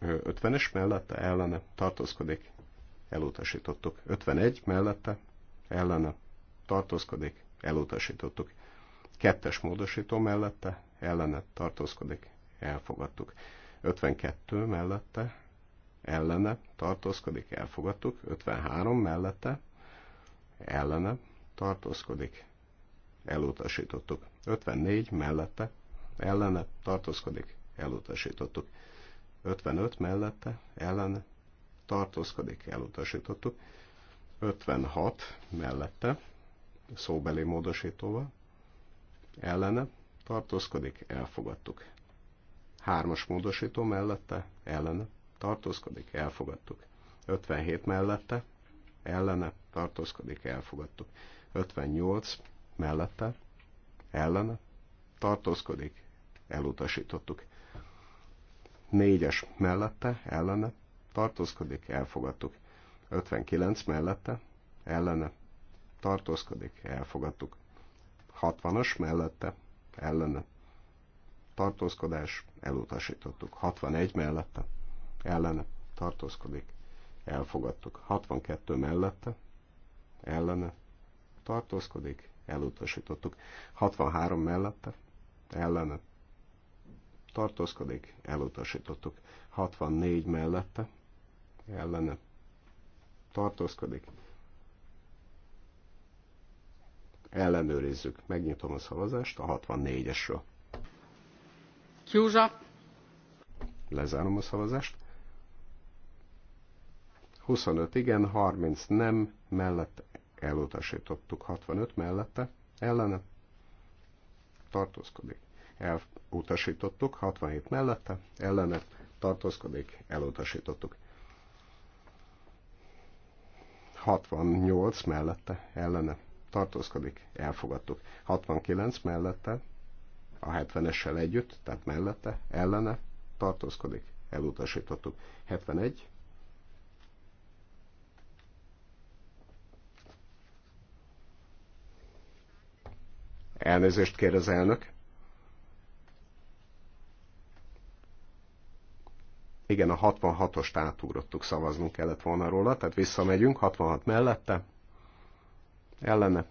50-es mellette ellene tartózkodik, elutasítottuk. 51 mellette ellene tartózkodik, elutasítottuk. Kettes módosító mellette ellene tartózkodik, elfogadtuk. 52 mellette ellene tartózkodik, elfogadtuk. 53 mellette ellene tartózkodik, elutasítottuk. 54 mellette ellene tartózkodik, elutasítottuk. 55 mellette, ellene tartózkodik, elutasítottuk. 56 mellette, szóbeli módosítóval, ellene tartózkodik, elfogadtuk. Hármas módosító mellette, ellene tartózkodik, elfogadtuk. 57 mellette, ellene tartózkodik, elfogadtuk. 58 mellette, ellene tartózkodik, elutasítottuk. Négyes mellette, ellene, tartózkodik, elfogadtuk. 59 mellette, ellene, tartózkodik, elfogadtuk. 60-as mellette, ellene, tartózkodás, elutasítottuk. 61 mellette, ellene, tartózkodik, elfogadtuk. 62 mellette, ellene, tartózkodik, elutasítottuk. 63 mellette, ellene, tartózkodik, elutasítottuk. 64 mellette, ellene tartózkodik. Ellenőrizzük. Megnyitom a szavazást a 64-esről. Kiúzsa. Lezárom a szavazást. 25 igen, 30 nem, mellett elutasítottuk 65 mellette, ellene tartózkodik elutasítottuk, 67 mellette, ellene tartózkodik, elutasítottuk. 68 mellette, ellene tartózkodik, elfogadtuk. 69 mellette, a 70-essel együtt, tehát mellette, ellene tartózkodik, elutasítottuk. 71 Elnézést kér az elnök. Igen, a 66 os átúrottuk, szavaznunk kellett volna róla, tehát visszamegyünk, 66 mellette, ellene,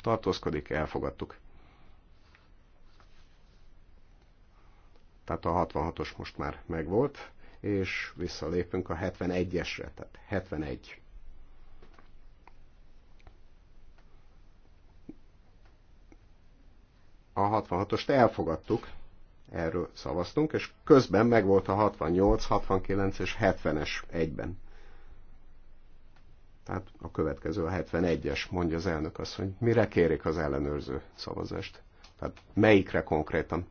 tartózkodik, elfogadtuk. Tehát a 66-os most már megvolt, és visszalépünk a 71-esre, tehát 71. A 66-ost elfogadtuk, erről szavaztunk, és közben megvolt a 68, 69 és 70-es egyben. Tehát a következő a 71-es, mondja az elnök azt, hogy mire kérik az ellenőrző szavazást. Tehát melyikre konkrétan?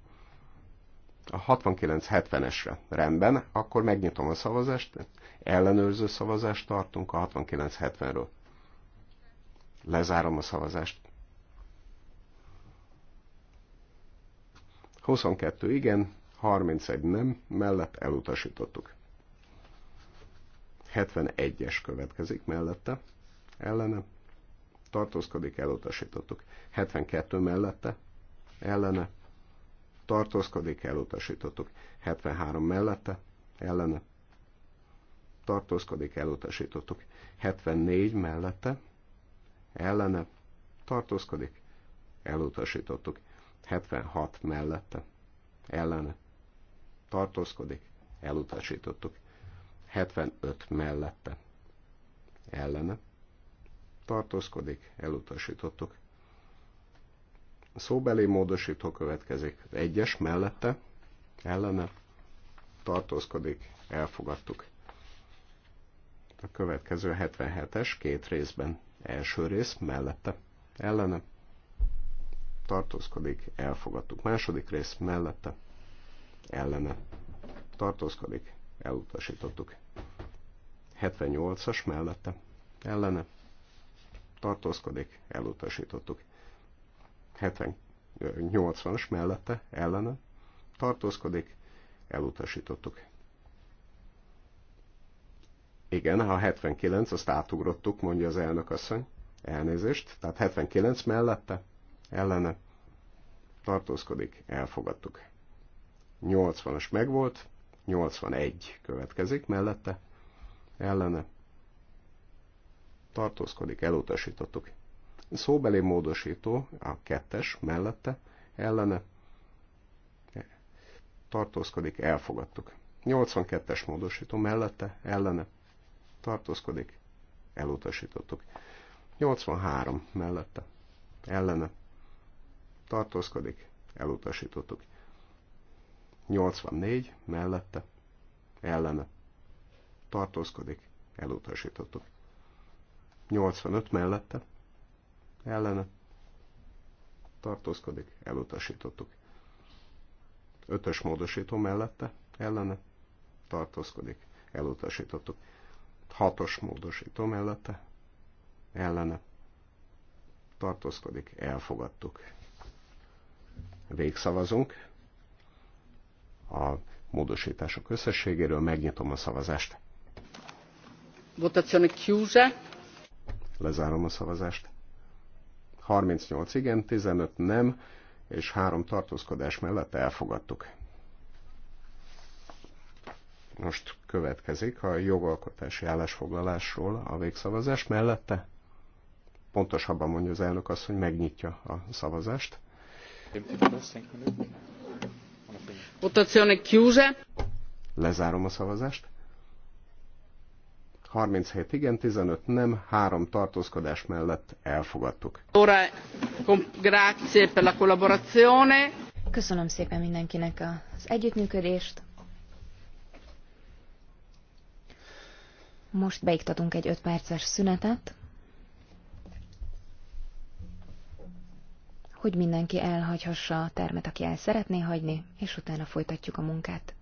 A 69-70-esre. Rendben, akkor megnyitom a szavazást, ellenőrző szavazást tartunk a 69-70-ről. Lezárom a szavazást. 22 igen, 31 nem, mellett elutasítottuk. 71-es következik mellette, ellene, tartózkodik, elutasítottuk. 72 mellette, ellene, tartózkodik, elutasítottuk. 73 mellette, ellene, tartózkodik, elutasítottuk. 74 mellette, ellene, tartózkodik, elutasítottuk. 76 mellette ellene tartózkodik, elutasítottuk. 75 mellette ellene tartózkodik, elutasítottuk. A szóbeli módosító következik. Egyes mellette ellene tartózkodik, elfogadtuk. A következő 77-es két részben. Első rész mellette ellene tartózkodik, elfogadtuk. Második rész mellette, ellene, tartózkodik, elutasítottuk. 78-as mellette, ellene, tartózkodik, elutasítottuk. 80-as mellette, ellene, tartózkodik, elutasítottuk. Igen, ha 79, azt átugrottuk, mondja az elnök asszony. Elnézést, tehát 79 mellette, ellene tartózkodik, elfogadtuk. 80-as megvolt, 81 következik mellette, ellene tartózkodik, elutasítottuk. Szóbeli módosító a kettes mellette, ellene tartózkodik, elfogadtuk. 82-es módosító mellette, ellene tartózkodik, elutasítottuk. 83 mellette, ellene tartózkodik, elutasítottuk. 84 mellette, ellene, tartózkodik, elutasítottuk. 85 mellette, ellene, tartózkodik, elutasítottuk. 5-ös módosító mellette, ellene, tartózkodik, elutasítottuk. 6-os módosító mellette, ellene, tartózkodik, elfogadtuk végszavazunk a módosítások összességéről. Megnyitom a szavazást. Votazione chiusa. Lezárom a szavazást. 38 igen, 15 nem, és három tartózkodás mellett elfogadtuk. Most következik a jogalkotási állásfoglalásról a végszavazás mellette. Pontosabban mondja az elnök azt, hogy megnyitja a szavazást. Votazione chiusa. Lezárom a szavazást. 37 igen, 15 nem, 3 tartózkodás mellett elfogadtuk. Ora, grazie per la collaborazione. Köszönöm szépen mindenkinek az együttműködést. Most beiktatunk egy 5 perces szünetet. hogy mindenki elhagyhassa a termet, aki el szeretné hagyni, és utána folytatjuk a munkát.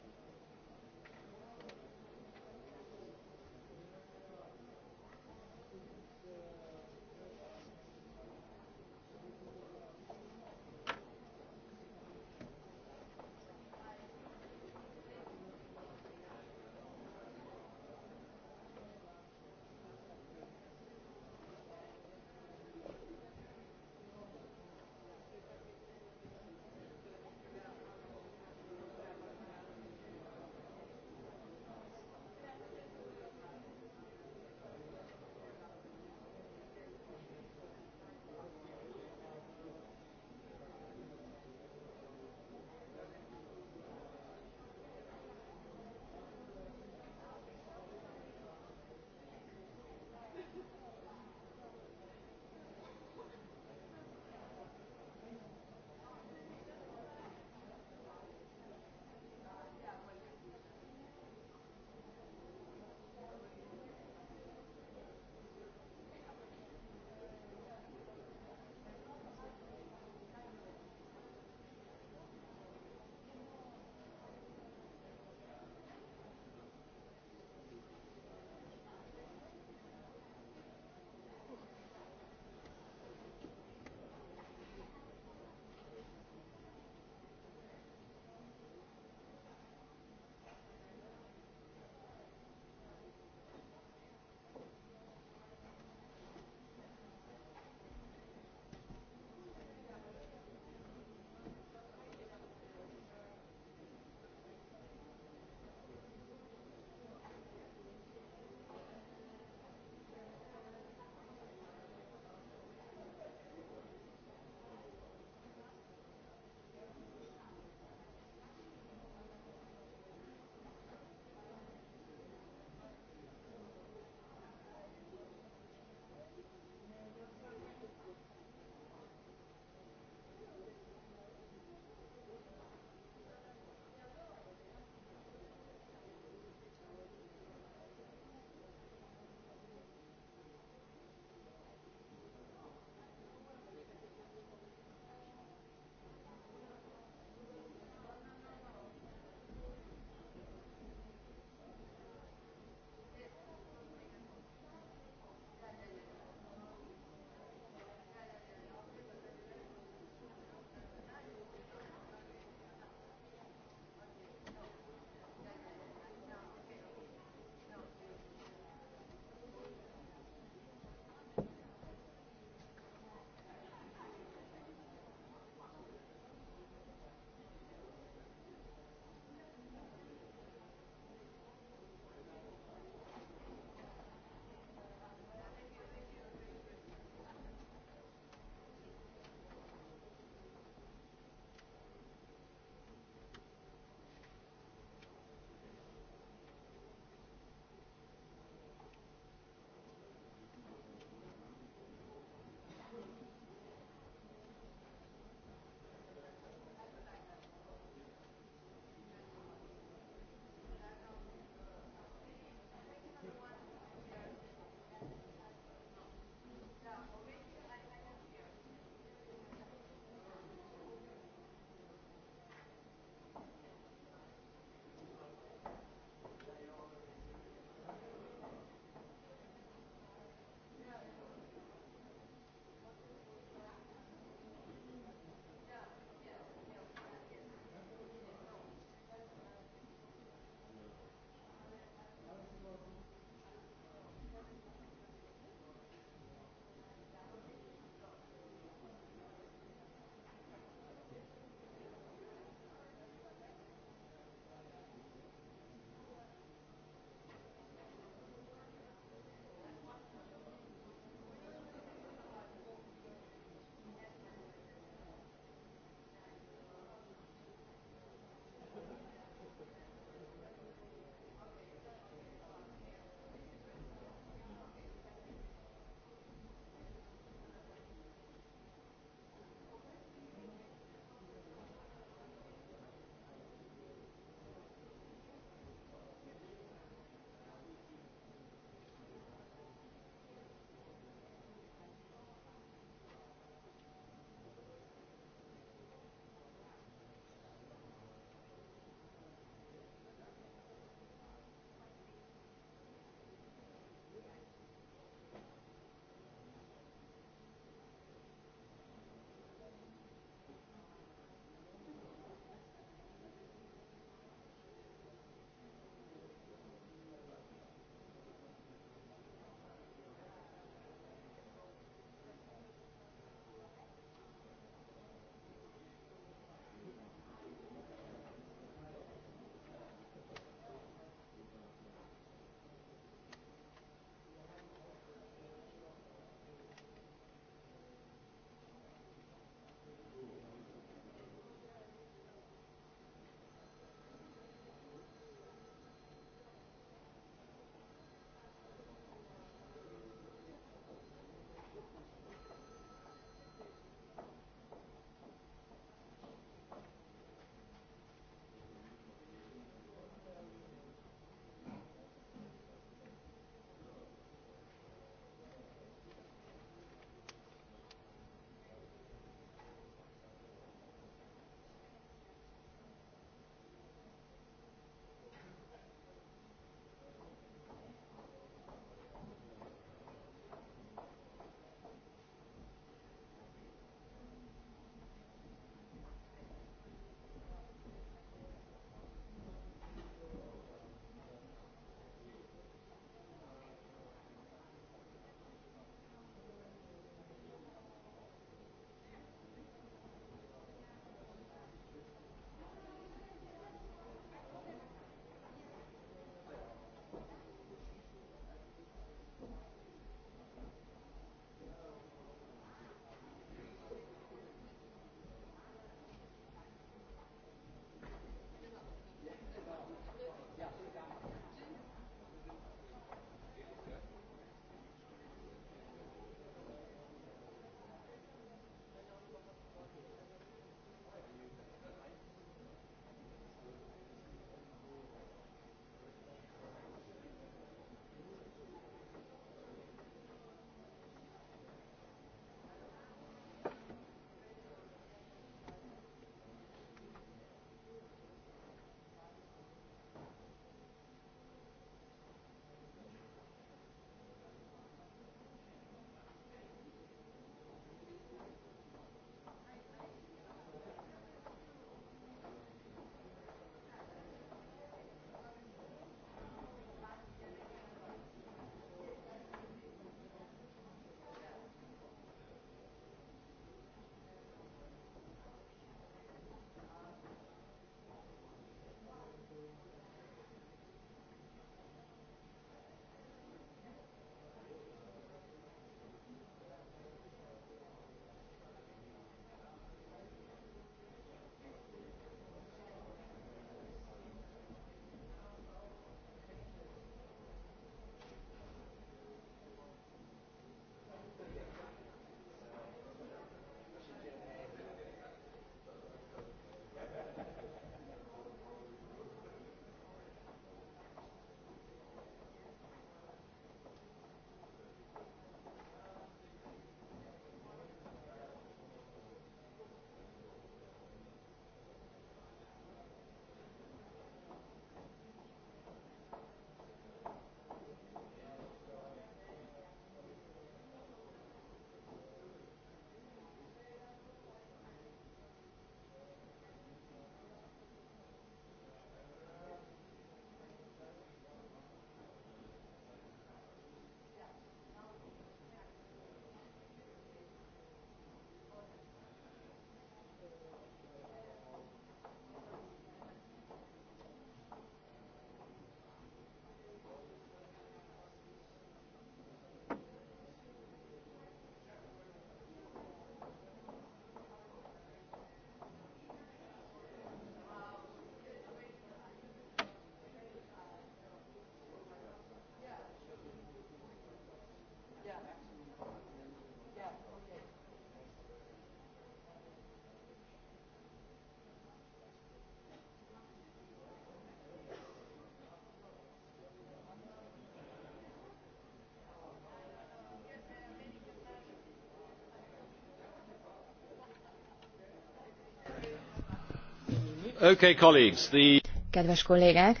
Kedves kollégák,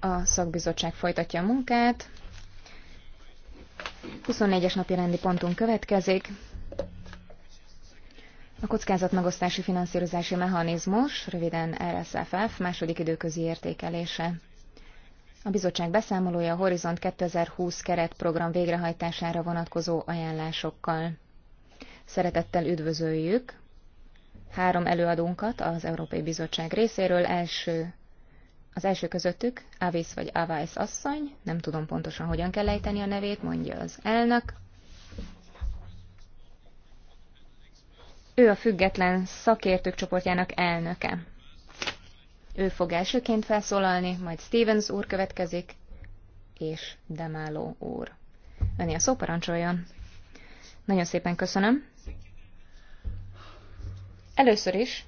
a szakbizottság folytatja a munkát. 24-es napi rendi pontunk következik. A kockázatmegosztási finanszírozási mechanizmus, röviden RSFF, második időközi értékelése. A bizottság beszámolója a Horizont 2020 keretprogram végrehajtására vonatkozó ajánlásokkal. Szeretettel üdvözöljük három előadónkat az Európai Bizottság részéről. Első, az első közöttük Avis vagy Avais asszony, nem tudom pontosan hogyan kell ejteni a nevét, mondja az elnök. Ő a független szakértők csoportjának elnöke. Ő fog elsőként felszólalni, majd Stevens úr következik, és Demáló úr. Önni a szó parancsoljon. Nagyon szépen köszönöm. Először is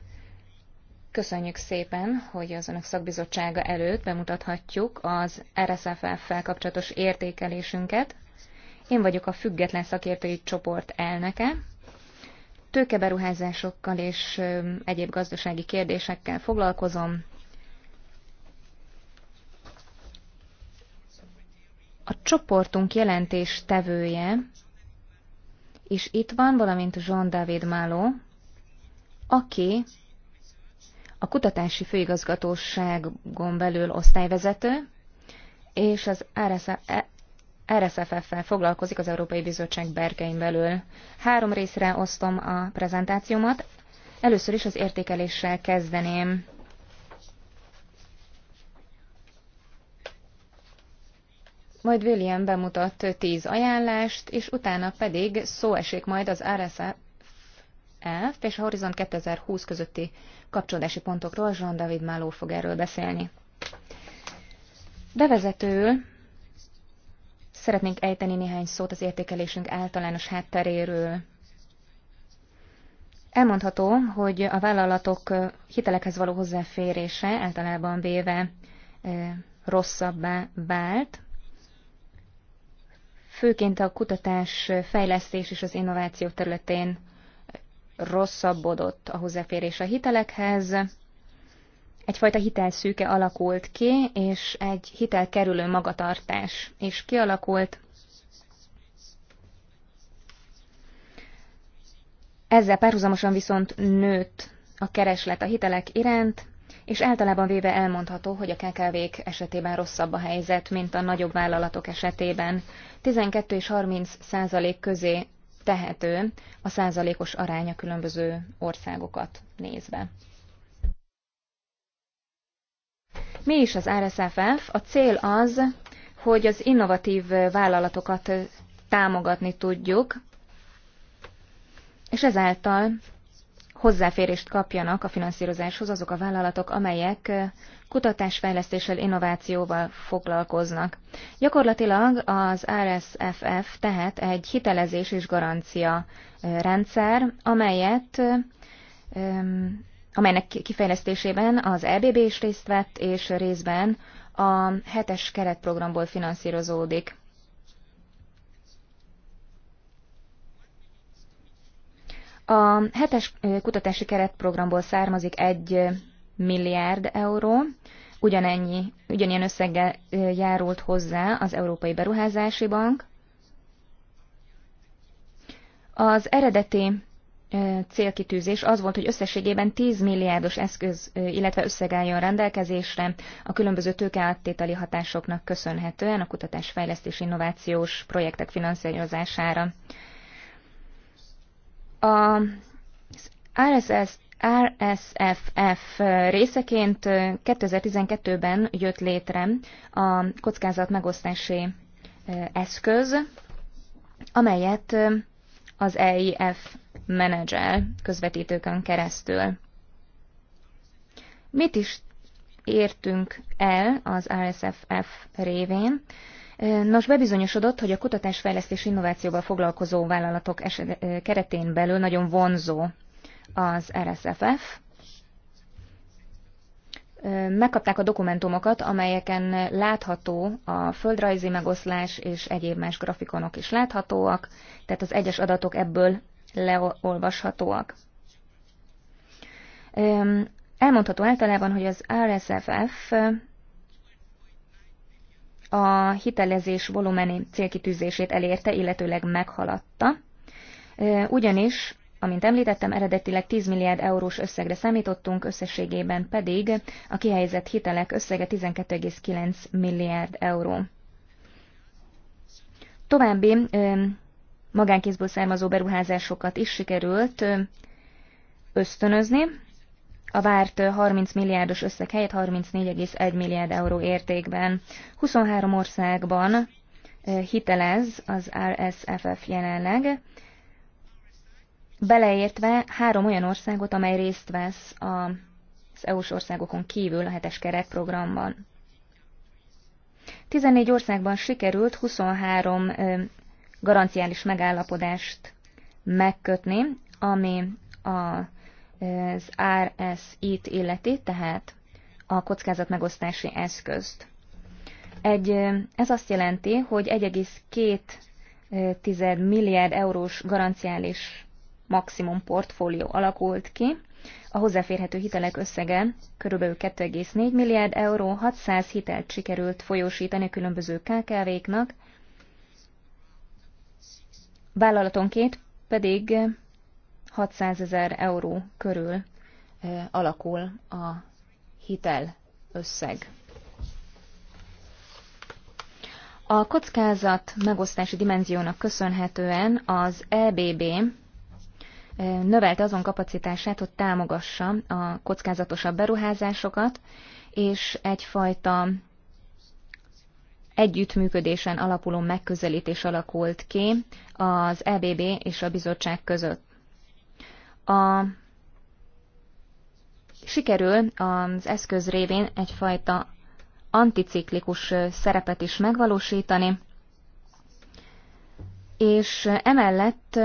köszönjük szépen, hogy az önök szakbizottsága előtt bemutathatjuk az RSFF-fel kapcsolatos értékelésünket. Én vagyok a független szakértői csoport elnöke. Tőkeberuházásokkal és egyéb gazdasági kérdésekkel foglalkozom. A csoportunk jelentés tevője, és itt van, valamint Jean-David Malo, aki a kutatási főigazgatóságon belül osztályvezető, és az RSFF-fel foglalkozik az Európai Bizottság berkein belül. Három részre osztom a prezentációmat. Először is az értékeléssel kezdeném. Majd William bemutat tíz ajánlást, és utána pedig szó esik majd az RSF elft és a Horizont 2020 közötti kapcsolódási pontokról Jean-David Máló fog erről beszélni. Bevezetőül szeretnénk ejteni néhány szót az értékelésünk általános hátteréről. Elmondható, hogy a vállalatok hitelekhez való hozzáférése általában véve eh, rosszabbá vált, főként a kutatás, fejlesztés és az innováció területén rosszabbodott a hozzáférés a hitelekhez, egyfajta hitelszűke alakult ki, és egy hitelkerülő magatartás is kialakult. Ezzel párhuzamosan viszont nőtt a kereslet a hitelek iránt, és általában véve elmondható, hogy a KKV-k esetében rosszabb a helyzet, mint a nagyobb vállalatok esetében. 12 és 30 százalék közé tehető a százalékos aránya különböző országokat nézve. Mi is az RSFF? A cél az, hogy az innovatív vállalatokat támogatni tudjuk, és ezáltal hozzáférést kapjanak a finanszírozáshoz azok a vállalatok, amelyek kutatásfejlesztéssel, innovációval foglalkoznak. Gyakorlatilag az RSFF tehát egy hitelezés és garancia rendszer, amelyet amelynek kifejlesztésében az EBB is részt vett, és részben a hetes keretprogramból finanszírozódik. A hetes kutatási keretprogramból származik egy milliárd euró, ugyanennyi, ugyanilyen összeggel járult hozzá az Európai Beruházási Bank. Az eredeti célkitűzés az volt, hogy összességében 10 milliárdos eszköz, illetve összeg álljon rendelkezésre a különböző tőkeáttételi hatásoknak köszönhetően a kutatás, fejlesztés, innovációs projektek finanszírozására. A RSS RSFF részeként 2012-ben jött létre a kockázat megosztási eszköz, amelyet az EIF menedzsel közvetítőkön keresztül. Mit is értünk el az RSFF révén? Nos, bebizonyosodott, hogy a fejlesztés, innovációval foglalkozó vállalatok eset, keretén belül nagyon vonzó az RSFF, megkapták a dokumentumokat, amelyeken látható a földrajzi megoszlás és egyéb más grafikonok is láthatóak, tehát az egyes adatok ebből leolvashatóak. Elmondható általában, hogy az RSFF a hitelezés volumeni célkitűzését elérte, illetőleg meghaladta, ugyanis Amint említettem, eredetileg 10 milliárd eurós összegre számítottunk, összességében pedig a kihelyezett hitelek összege 12,9 milliárd euró. További magánkézből származó beruházásokat is sikerült ösztönözni. A várt 30 milliárdos összeg helyett 34,1 milliárd euró értékben 23 országban hitelez az RSFF jelenleg, beleértve három olyan országot, amely részt vesz az EU-s országokon kívül a hetes keretprogramban. 14 országban sikerült 23 garanciális megállapodást megkötni, ami az RSI-t illeti, tehát a kockázatmegosztási eszközt. Egy, ez azt jelenti, hogy 1,2 milliárd eurós garanciális maximum portfólió alakult ki. A hozzáférhető hitelek összege kb. 2,4 milliárd euró, 600 hitelt sikerült folyósítani a különböző KKV-knak, vállalatonként pedig 600 ezer euró körül alakul a hitel összeg. A kockázat megosztási dimenziónak köszönhetően az EBB növelte azon kapacitását, hogy támogassa a kockázatosabb beruházásokat, és egyfajta együttműködésen alapuló megközelítés alakult ki az EBB és a bizottság között. A sikerül az eszköz révén egyfajta anticiklikus szerepet is megvalósítani, és emellett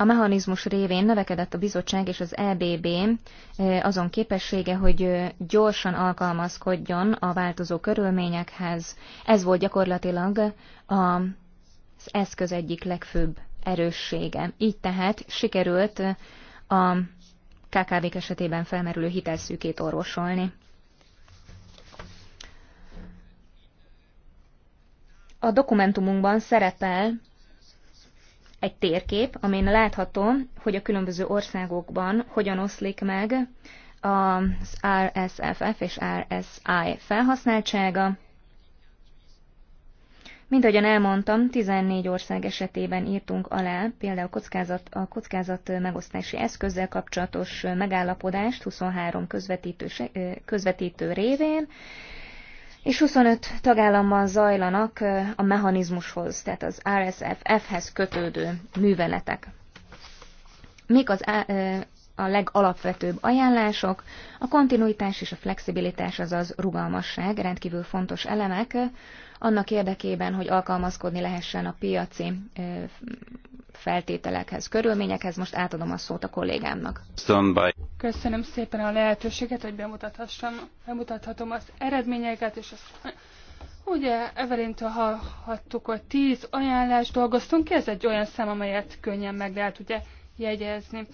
a mechanizmus révén növekedett a bizottság és az EBB eh, azon képessége, hogy eh, gyorsan alkalmazkodjon a változó körülményekhez. Ez volt gyakorlatilag az eszköz egyik legfőbb erőssége. Így tehát sikerült eh, a kkv esetében felmerülő hitelszűkét orvosolni. A dokumentumunkban szerepel egy térkép, amin látható, hogy a különböző országokban hogyan oszlik meg az RSFF és RSI felhasználtsága. Mint ahogyan elmondtam, 14 ország esetében írtunk alá például kockázat, a kockázat megosztási eszközzel kapcsolatos megállapodást 23 közvetítő, közvetítő révén, és 25 tagállamban zajlanak a mechanizmushoz, tehát az RSFF-hez kötődő műveletek. Mik az a legalapvetőbb ajánlások, a kontinuitás és a flexibilitás, azaz rugalmasság rendkívül fontos elemek, annak érdekében, hogy alkalmazkodni lehessen a piaci feltételekhez, körülményekhez. Most átadom a szót a kollégámnak. Köszönöm szépen a lehetőséget, hogy bemutathassam, bemutathatom az eredményeket, és az Ugye Evelintől hallhattuk, hogy tíz ajánlást dolgoztunk ki, ez egy olyan szám, amelyet könnyen meg lehet ugye jegyezni.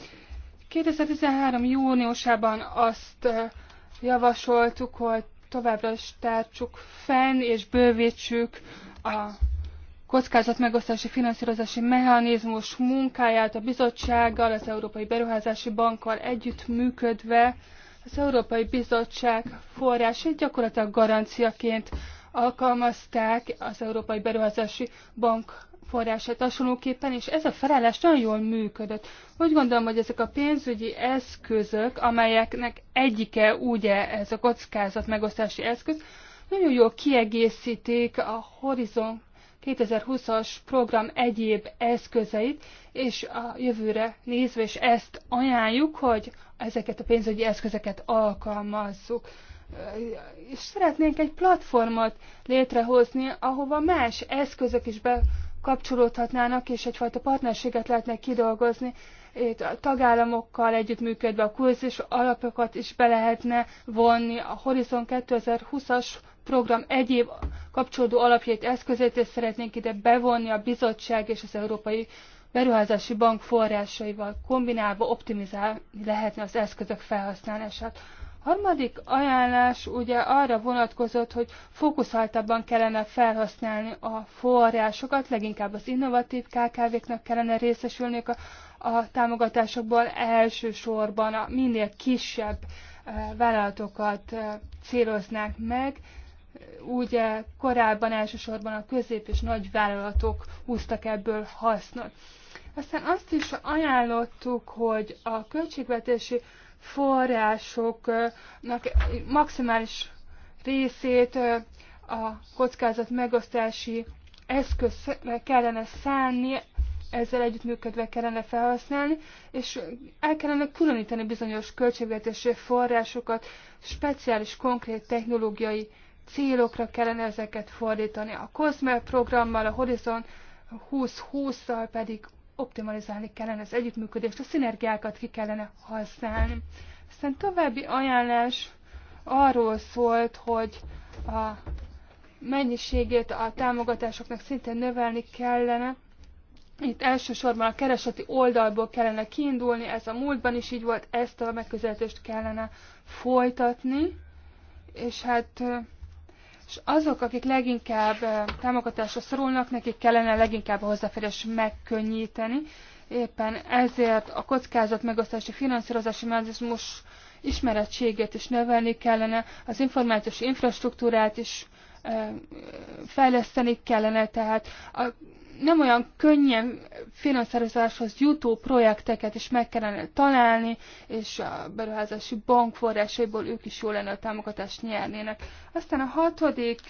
2013. júniusában azt javasoltuk, hogy továbbra is tártsuk fenn és bővítsük a kockázatmegosztási finanszírozási mechanizmus munkáját a bizottsággal, az Európai Beruházási Bankkal együttműködve. Az Európai Bizottság forrásait gyakorlatilag garanciaként alkalmazták az Európai Beruházási Bank forrását hasonlóképpen, és ez a felállás nagyon jól működött. Úgy gondolom, hogy ezek a pénzügyi eszközök, amelyeknek egyike ugye ez a kockázat megosztási eszköz, nagyon jól kiegészítik a Horizon 2020-as program egyéb eszközeit, és a jövőre nézve, és ezt ajánljuk, hogy ezeket a pénzügyi eszközeket alkalmazzuk és szeretnénk egy platformot létrehozni, ahova más eszközök is bekapcsolódhatnának, és egyfajta partnerséget lehetne kidolgozni, itt a tagállamokkal együttműködve a kurzis alapokat is be lehetne vonni, a Horizon 2020-as program egyéb kapcsolódó alapjait, eszközét, és szeretnénk ide bevonni a bizottság és az Európai Beruházási Bank forrásaival kombinálva optimizálni lehetne az eszközök felhasználását harmadik ajánlás ugye arra vonatkozott, hogy fókuszáltabban kellene felhasználni a forrásokat, leginkább az innovatív KKV-knak kellene részesülniük a, a támogatásokból, elsősorban a minél kisebb e, vállalatokat e, céloznák meg. Ugye korábban elsősorban a közép és nagy vállalatok húztak ebből hasznot. Aztán azt is ajánlottuk, hogy a költségvetési forrásoknak maximális részét a kockázat megosztási eszköz kellene szánni, ezzel együttműködve kellene felhasználni, és el kellene különíteni bizonyos költségvetési forrásokat, speciális, konkrét technológiai célokra kellene ezeket fordítani. A COSME programmal, a Horizon 2020-szal pedig optimalizálni kellene az együttműködést, a szinergiákat ki kellene használni. Aztán további ajánlás arról szólt, hogy a mennyiségét a támogatásoknak szintén növelni kellene. Itt elsősorban a kereseti oldalból kellene kiindulni, ez a múltban is így volt, ezt a megközelítést kellene folytatni, és hát és azok, akik leginkább támogatásra szorulnak, nekik kellene leginkább a hozzáférés megkönnyíteni. Éppen ezért a kockázat megosztási finanszírozási mechanizmus ismerettségét is növelni kellene, az információs infrastruktúrát is fejleszteni kellene, tehát a nem olyan könnyen finanszírozáshoz jutó projekteket is meg kellene találni, és a beruházási bank forrásaiból ők is jó lenne a támogatást nyernének. Aztán a hatodik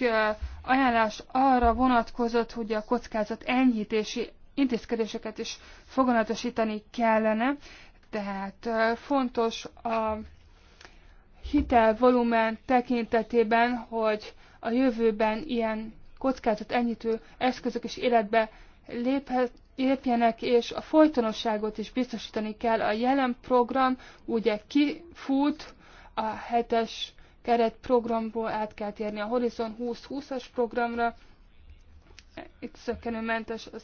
ajánlás arra vonatkozott, hogy a kockázat enyhítési intézkedéseket is foganatosítani kellene, tehát fontos a hitelvolumen tekintetében, hogy a jövőben ilyen kockázat enyhítő eszközök is életbe léphet, lépjenek, és a folytonosságot is biztosítani kell. A jelen program ugye kifut, a hetes keretprogramból át kell térni a Horizon 2020-as programra. Itt szökenőmentes az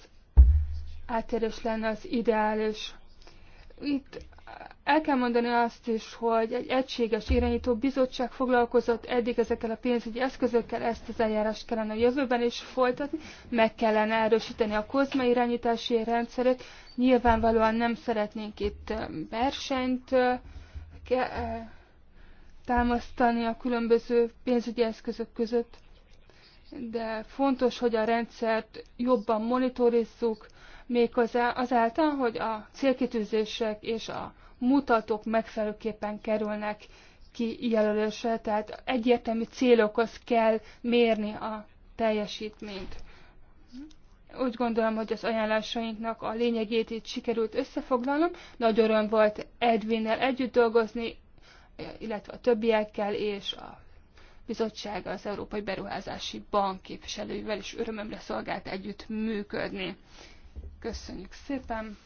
átérés lenne az ideális. Itt el kell mondani azt is, hogy egy egységes irányító bizottság foglalkozott eddig ezekkel a pénzügyi eszközökkel, ezt az eljárást kellene a jövőben is folytatni, meg kellene erősíteni a kozma irányítási rendszerét. Nyilvánvalóan nem szeretnénk itt versenyt támasztani a különböző pénzügyi eszközök között, de fontos, hogy a rendszert jobban monitorizzuk, méghozzá azáltal, hogy a célkitűzések és a mutatók megfelelőképpen kerülnek kijelölésre, tehát egyértelmű célokhoz kell mérni a teljesítményt. Úgy gondolom, hogy az ajánlásainknak a lényegét itt sikerült összefoglalnom. Nagy öröm volt Edvinnel együtt dolgozni, illetve a többiekkel és a bizottsága az Európai Beruházási Bank képviselőivel is örömömre szolgált együtt működni. Köszönjük szépen.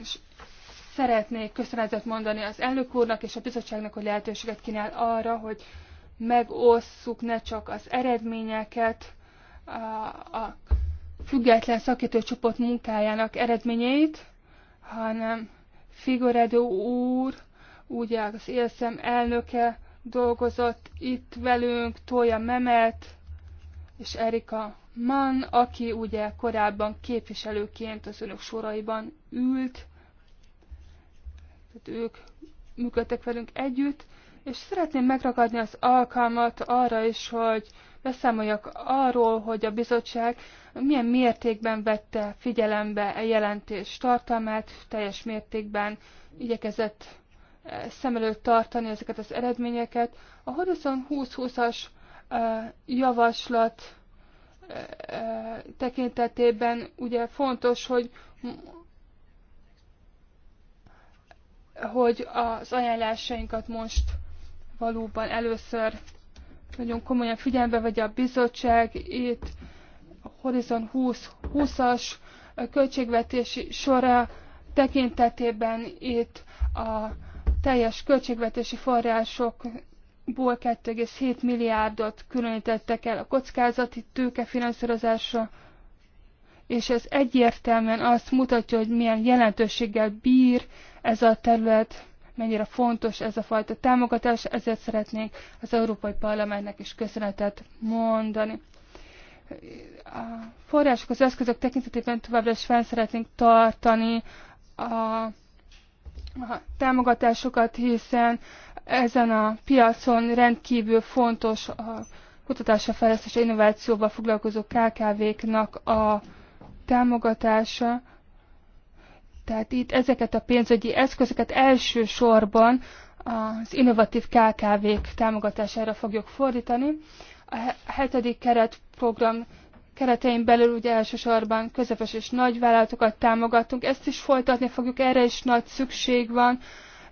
és szeretnék köszönetet mondani az elnök úrnak és a bizottságnak, hogy lehetőséget kínál arra, hogy megosszuk ne csak az eredményeket, a, a független szakértőcsoport munkájának eredményeit, hanem Figoredő úr, ugye az élszem elnöke dolgozott itt velünk, Tója Memet és Erika Mann, aki ugye korábban képviselőként az önök soraiban ült, tehát ők működtek velünk együtt, és szeretném megragadni az alkalmat arra is, hogy beszámoljak arról, hogy a bizottság milyen mértékben vette figyelembe a e jelentés tartalmát, teljes mértékben igyekezett e, szem előtt tartani ezeket az eredményeket. A Horizon 2020-as e, javaslat tekintetében ugye fontos, hogy hogy az ajánlásainkat most valóban először nagyon komolyan figyelme vegye a bizottság. Itt Horizon 20 as költségvetési sorra tekintetében itt a teljes költségvetési források ból 2,7 milliárdot különítettek el a kockázati tőkefinanszírozásra, és ez egyértelműen azt mutatja, hogy milyen jelentőséggel bír ez a terület, mennyire fontos ez a fajta támogatás, ezért szeretnénk az Európai Parlamentnek is köszönetet mondani. A források, az eszközök tekintetében továbbra is fenn szeretnénk tartani a, a támogatásokat, hiszen ezen a piacon rendkívül fontos a kutatásra, fejlesztés, innovációval foglalkozó KKV-knak a támogatása. Tehát itt ezeket a pénzügyi eszközöket elsősorban az innovatív KKV-k támogatására fogjuk fordítani. A hetedik keretprogram keretein belül ugye elsősorban közepes és nagy vállalatokat támogatunk, ezt is folytatni fogjuk, erre is nagy szükség van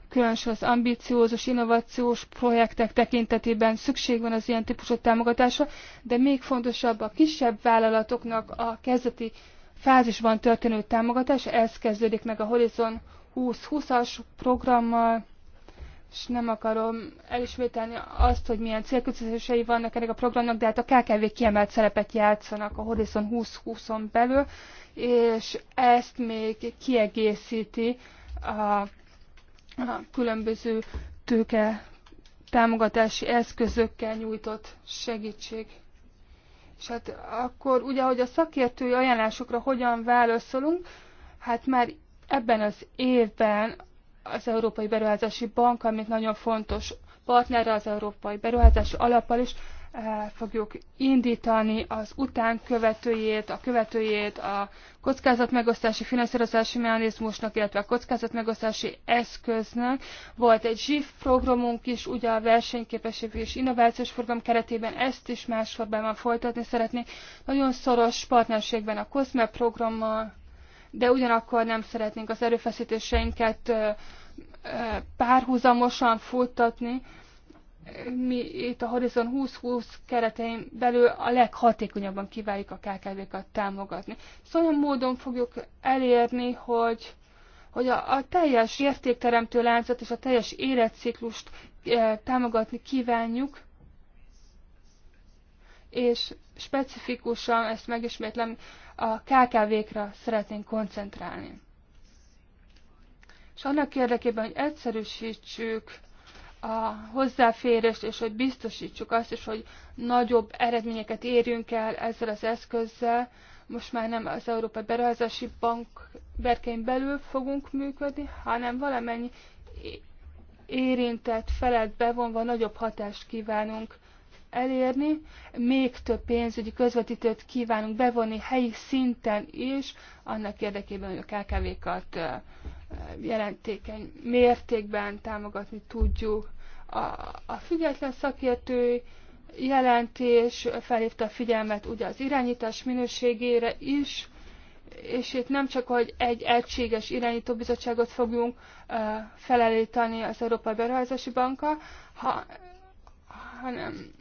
különösen az ambiciózus, innovációs projektek tekintetében szükség van az ilyen típusú támogatásra, de még fontosabb a kisebb vállalatoknak a kezdeti fázisban történő támogatás, ez kezdődik meg a Horizon 2020-as programmal, és nem akarom elismételni azt, hogy milyen célkötőzései vannak ennek a programnak, de hát a KKV kiemelt szerepet játszanak a Horizon 2020-on belül, és ezt még kiegészíti a a különböző tőke támogatási eszközökkel nyújtott segítség. És hát akkor ugye, hogy a szakértői ajánlásokra hogyan válaszolunk, hát már ebben az évben az Európai Beruházási Bank, amit nagyon fontos partnerre az Európai Beruházási Alappal is, Eh, fogjuk indítani az utánkövetőjét, a követőjét a kockázatmegosztási finanszírozási mechanizmusnak, illetve a kockázatmegosztási eszköznek. Volt egy ZSIF programunk is, ugye a versenyképesség és innovációs program keretében ezt is másforban folytatni szeretnék Nagyon szoros partnerségben a COSME programmal, de ugyanakkor nem szeretnénk az erőfeszítéseinket eh, eh, párhuzamosan futtatni, mi itt a Horizon 2020 keretein belül a leghatékonyabban kívánjuk a KKV-kat támogatni. Szóval olyan módon fogjuk elérni, hogy, hogy a, a teljes értékteremtő láncot és a teljes életciklust e, támogatni kívánjuk, és specifikusan, ezt megismétlem, a KKV-kra szeretnénk koncentrálni. És annak érdekében, hogy egyszerűsítsük a hozzáférést, és hogy biztosítsuk azt is, hogy nagyobb eredményeket érjünk el ezzel az eszközzel. Most már nem az Európai Beruházási Bank berkein belül fogunk működni, hanem valamennyi érintett felet bevonva nagyobb hatást kívánunk elérni, még több pénzügyi közvetítőt kívánunk bevonni helyi szinten is, annak érdekében, hogy a KKV-kat jelentékeny mértékben támogatni tudjuk. A, a független szakértői jelentés felhívta a figyelmet ugye az irányítás minőségére is, és itt nem csak, hogy egy egységes irányítóbizottságot fogjunk uh, az Európai Beruházási Banka, ha, hanem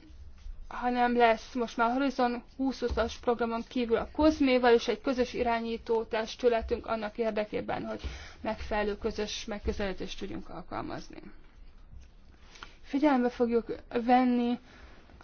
hanem lesz most már Horizon 20 as programon kívül a Kozméval és egy közös irányító testületünk annak érdekében, hogy megfelelő közös megközelítést tudjunk alkalmazni. Figyelembe fogjuk venni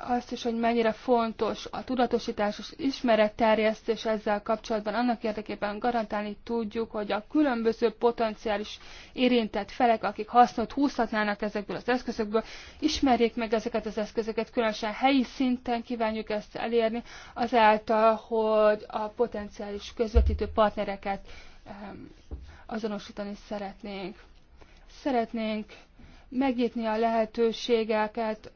azt is, hogy mennyire fontos a tudatosítás és ismeretterjesztés ezzel kapcsolatban. Annak érdekében garantálni tudjuk, hogy a különböző potenciális érintett felek, akik hasznot húzhatnának ezekből az eszközökből, ismerjék meg ezeket az eszközöket, különösen helyi szinten kívánjuk ezt elérni, azáltal, hogy a potenciális közvetítő partnereket ehm, azonosítani szeretnénk. Szeretnénk megnyitni a lehetőségeket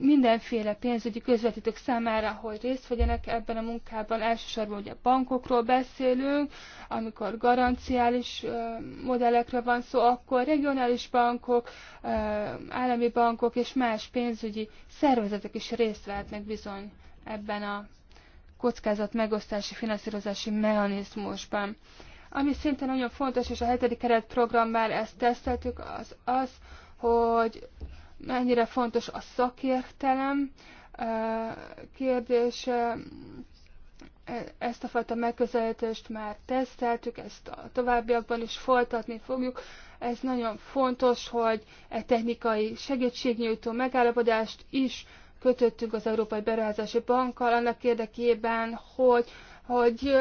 mindenféle pénzügyi közvetítők számára, hogy részt vegyenek ebben a munkában. Elsősorban ugye bankokról beszélünk, amikor garanciális modellekre van szó, akkor regionális bankok, állami bankok és más pénzügyi szervezetek is részt vehetnek bizony ebben a kockázat megosztási finanszírozási mechanizmusban. Ami szintén nagyon fontos, és a hetedik keretprogram már ezt teszteltük, az az, hogy mennyire fontos a szakértelem kérdése. E, ezt a fajta megközelítést már teszteltük, ezt a továbbiakban is folytatni fogjuk. Ez nagyon fontos, hogy egy technikai segítségnyújtó megállapodást is kötöttünk az Európai Beruházási Bankkal annak érdekében, hogy, hogy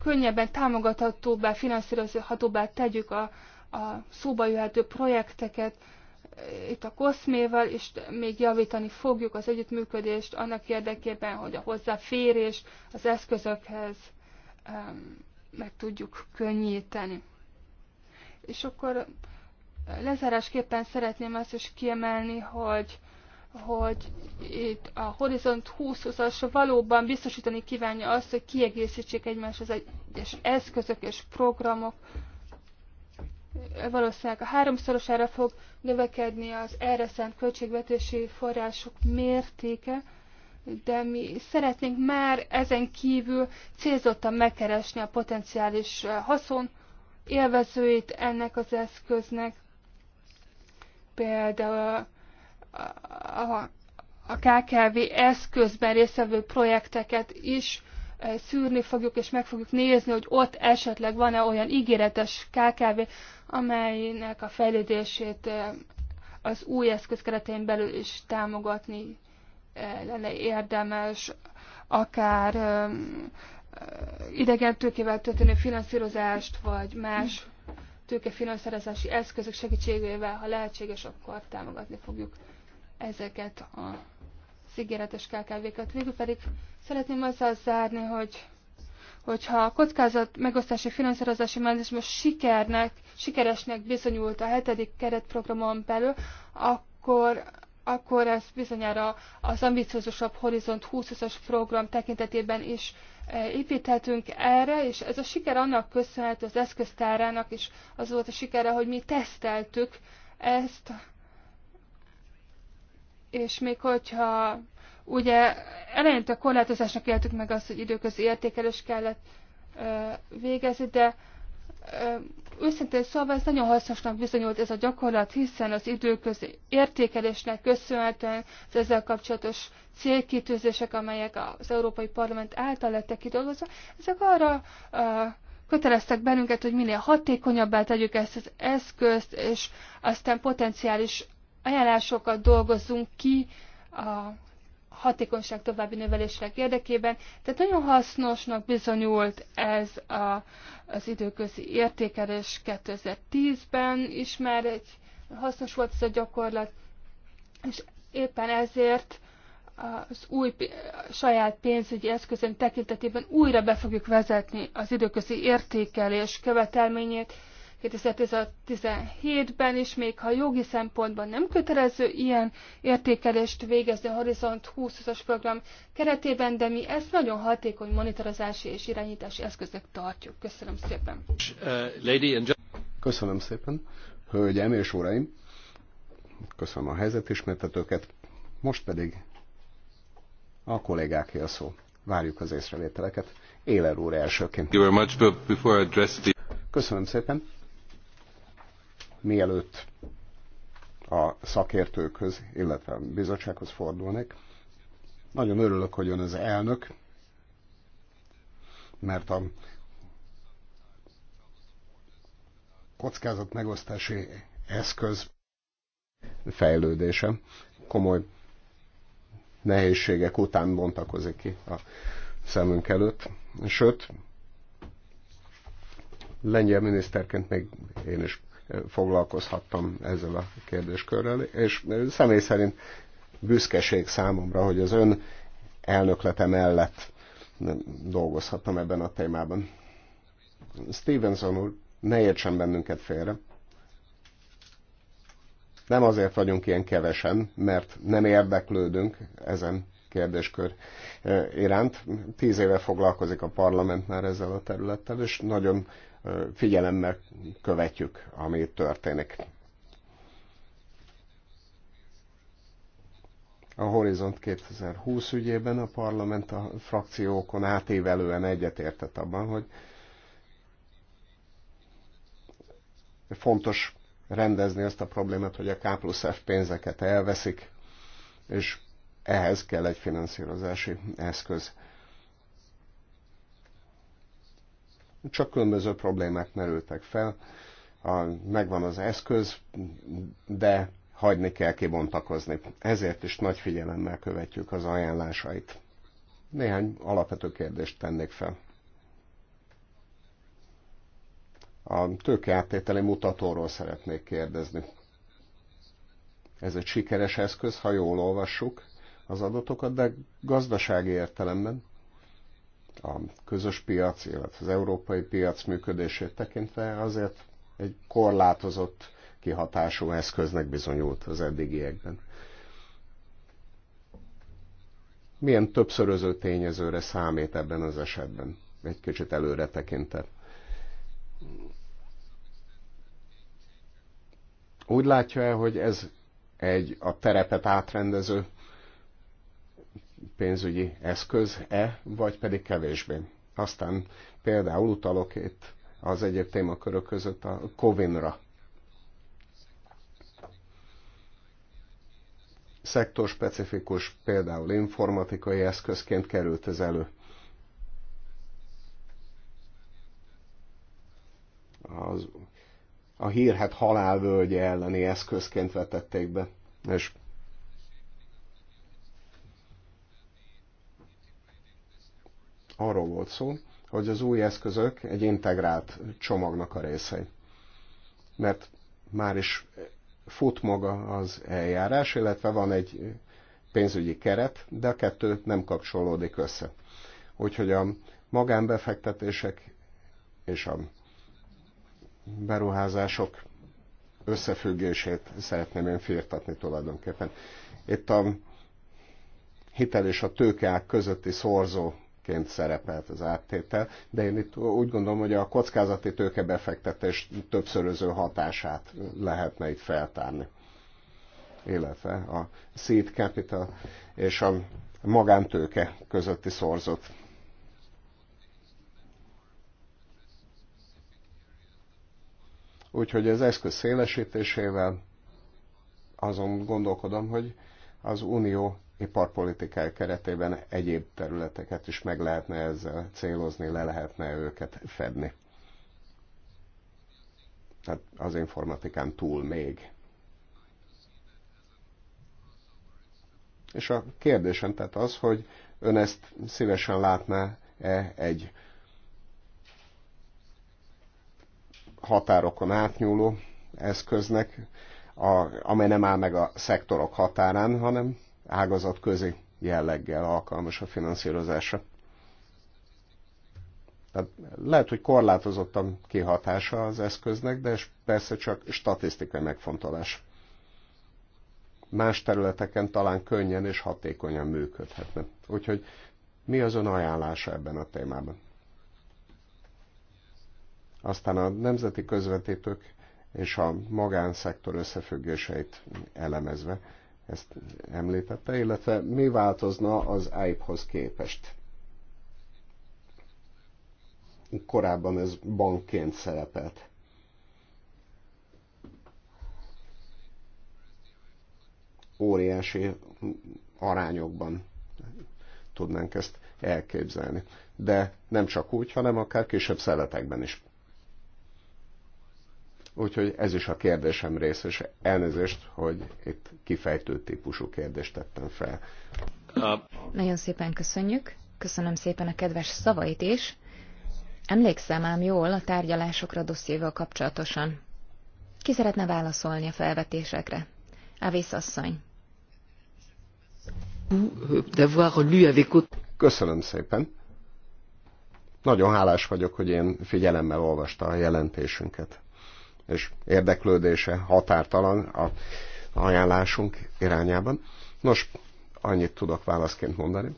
könnyebben támogathatóbbá, finanszírozhatóbbá tegyük a, a szóba jöhető projekteket, eh, itt a koszméval, és még javítani fogjuk az együttműködést annak érdekében, hogy a hozzáférés az eszközökhez meg tudjuk könnyíteni. És akkor lezárásképpen szeretném azt is kiemelni, hogy hogy itt a Horizont 2020-as valóban biztosítani kívánja azt, hogy kiegészítsék egymás az egyes eszközök és programok. Valószínűleg a háromszorosára fog növekedni az erre szánt költségvetési források mértéke, de mi szeretnénk már ezen kívül célzottan megkeresni a potenciális haszon élvezőit ennek az eszköznek. Például a, a KKV eszközben résztvevő projekteket is eh, szűrni fogjuk, és meg fogjuk nézni, hogy ott esetleg van-e olyan ígéretes KKV, amelynek a fejlődését eh, az új eszköz keretein belül is támogatni eh, lenne érdemes, akár idegen tőkével történő finanszírozást, vagy más tőkefinanszírozási eszközök segítségével, ha lehetséges, akkor támogatni fogjuk ezeket a szigéretes KKV-kat. Végül pedig szeretném azzal zárni, hogy hogyha a kockázat megosztási finanszírozási mechanizmus sikernek, sikeresnek bizonyult a hetedik keretprogramon belül, akkor akkor ez bizonyára az ambiciózusabb Horizont 2020-as program tekintetében is eh, építhetünk erre, és ez a siker annak köszönhető az eszköztárának, és az volt a sikere, hogy mi teszteltük ezt és még hogyha ugye eleinte a korlátozásnak éltük meg azt, hogy időközi értékelés kellett ö, végezni, de ö, őszintén szóval ez nagyon hasznosnak bizonyult ez a gyakorlat, hiszen az időközi értékelésnek köszönhetően az ezzel kapcsolatos célkitűzések, amelyek az Európai Parlament által lettek kidolgozva, ezek arra ö, köteleztek bennünket, hogy minél hatékonyabbá tegyük ezt az eszközt, és aztán potenciális ajánlásokat dolgozzunk ki a hatékonyság további növelések érdekében. Tehát nagyon hasznosnak bizonyult ez a, az időközi értékelés 2010-ben is már egy hasznos volt ez a gyakorlat, és éppen ezért az új saját pénzügyi eszközön tekintetében újra be fogjuk vezetni az időközi értékelés követelményét, 2017-ben is, még ha jogi szempontban nem kötelező ilyen értékelést végezni a Horizont 2020-as program keretében, de mi ezt nagyon hatékony monitorozási és irányítási eszköznek tartjuk. Köszönöm szépen. Uh, köszönöm szépen. Hölgyeim és uraim, köszönöm a helyzetismertetőket. Most pedig a kollégáké a szó. Várjuk az észrevételeket. Éler úr elsőként. Köszönöm szépen mielőtt a szakértőkhöz, illetve a bizottsághoz fordulnék. Nagyon örülök, hogy ön az elnök, mert a kockázat megosztási eszköz fejlődése komoly nehézségek után bontakozik ki a szemünk előtt. Sőt, lengyel miniszterként még én is foglalkozhattam ezzel a kérdéskörrel, és személy szerint büszkeség számomra, hogy az ön elnöklete mellett dolgozhattam ebben a témában. Stevenson úr, ne értsen bennünket félre. Nem azért vagyunk ilyen kevesen, mert nem érdeklődünk ezen kérdéskör eh, iránt. Tíz éve foglalkozik a parlament már ezzel a területtel, és nagyon figyelemmel követjük, ami történik. A Horizont 2020 ügyében a parlament a frakciókon átévelően egyetértett abban, hogy fontos rendezni azt a problémát, hogy a K plusz F pénzeket elveszik, és ehhez kell egy finanszírozási eszköz. csak különböző problémák merültek fel. A, megvan az eszköz, de hagyni kell kibontakozni. Ezért is nagy figyelemmel követjük az ajánlásait. Néhány alapvető kérdést tennék fel. A tőkeáttételi mutatóról szeretnék kérdezni. Ez egy sikeres eszköz, ha jól olvassuk az adatokat, de gazdasági értelemben a közös piac, illetve az európai piac működését tekintve azért egy korlátozott kihatású eszköznek bizonyult az eddigiekben. Milyen többszöröző tényezőre számít ebben az esetben? Egy kicsit előre tekintett. Úgy látja-e, hogy ez egy a terepet átrendező pénzügyi eszköz-e, vagy pedig kevésbé. Aztán például utalok itt az egyéb témakörök között a COVID-ra. Szektorspecifikus, például informatikai eszközként került ez elő. Az, a hírhet halálvölgye elleni eszközként vetették be, és arról volt szó, hogy az új eszközök egy integrált csomagnak a részei. Mert már is fut maga az eljárás, illetve van egy pénzügyi keret, de a kettő nem kapcsolódik össze. Úgyhogy a magánbefektetések és a beruházások összefüggését szeretném én firtatni tulajdonképpen. Itt a hitel és a tőkeák közötti szorzó ként szerepelt az áttétel, de én itt úgy gondolom, hogy a kockázati befektetés többszöröző hatását lehetne itt feltárni. Illetve a seed capital és a magántőke közötti szorzott. Úgyhogy az eszköz szélesítésével azon gondolkodom, hogy az unió iparpolitikája keretében egyéb területeket is meg lehetne ezzel célozni, le lehetne őket fedni. Tehát az informatikán túl még. És a kérdésem tehát az, hogy ön ezt szívesen látná-e egy határokon átnyúló eszköznek, a, amely nem áll meg a szektorok határán, hanem ágazatközi jelleggel alkalmas a finanszírozása. Tehát lehet, hogy korlátozottan kihatása az eszköznek, de persze csak statisztikai megfontolás. Más területeken talán könnyen és hatékonyan működhetne. Úgyhogy mi az ön ajánlása ebben a témában? Aztán a nemzeti közvetítők és a magánszektor összefüggéseit elemezve ezt említette, illetve mi változna az AIP-hoz képest? Korábban ez bankként szerepelt. Óriási arányokban tudnánk ezt elképzelni. De nem csak úgy, hanem akár kisebb szeletekben is. Úgyhogy ez is a kérdésem része, és elnézést, hogy itt kifejtő típusú kérdést tettem fel. Nagyon szépen köszönjük. Köszönöm szépen a kedves szavait is. Emlékszem ám jól a tárgyalásokra dossziéval kapcsolatosan. Ki szeretne válaszolni a felvetésekre? Avész asszony. Köszönöm szépen. Nagyon hálás vagyok, hogy én figyelemmel olvasta a jelentésünket és érdeklődése határtalan a ajánlásunk irányában. Nos, annyit tudok válaszként mondani.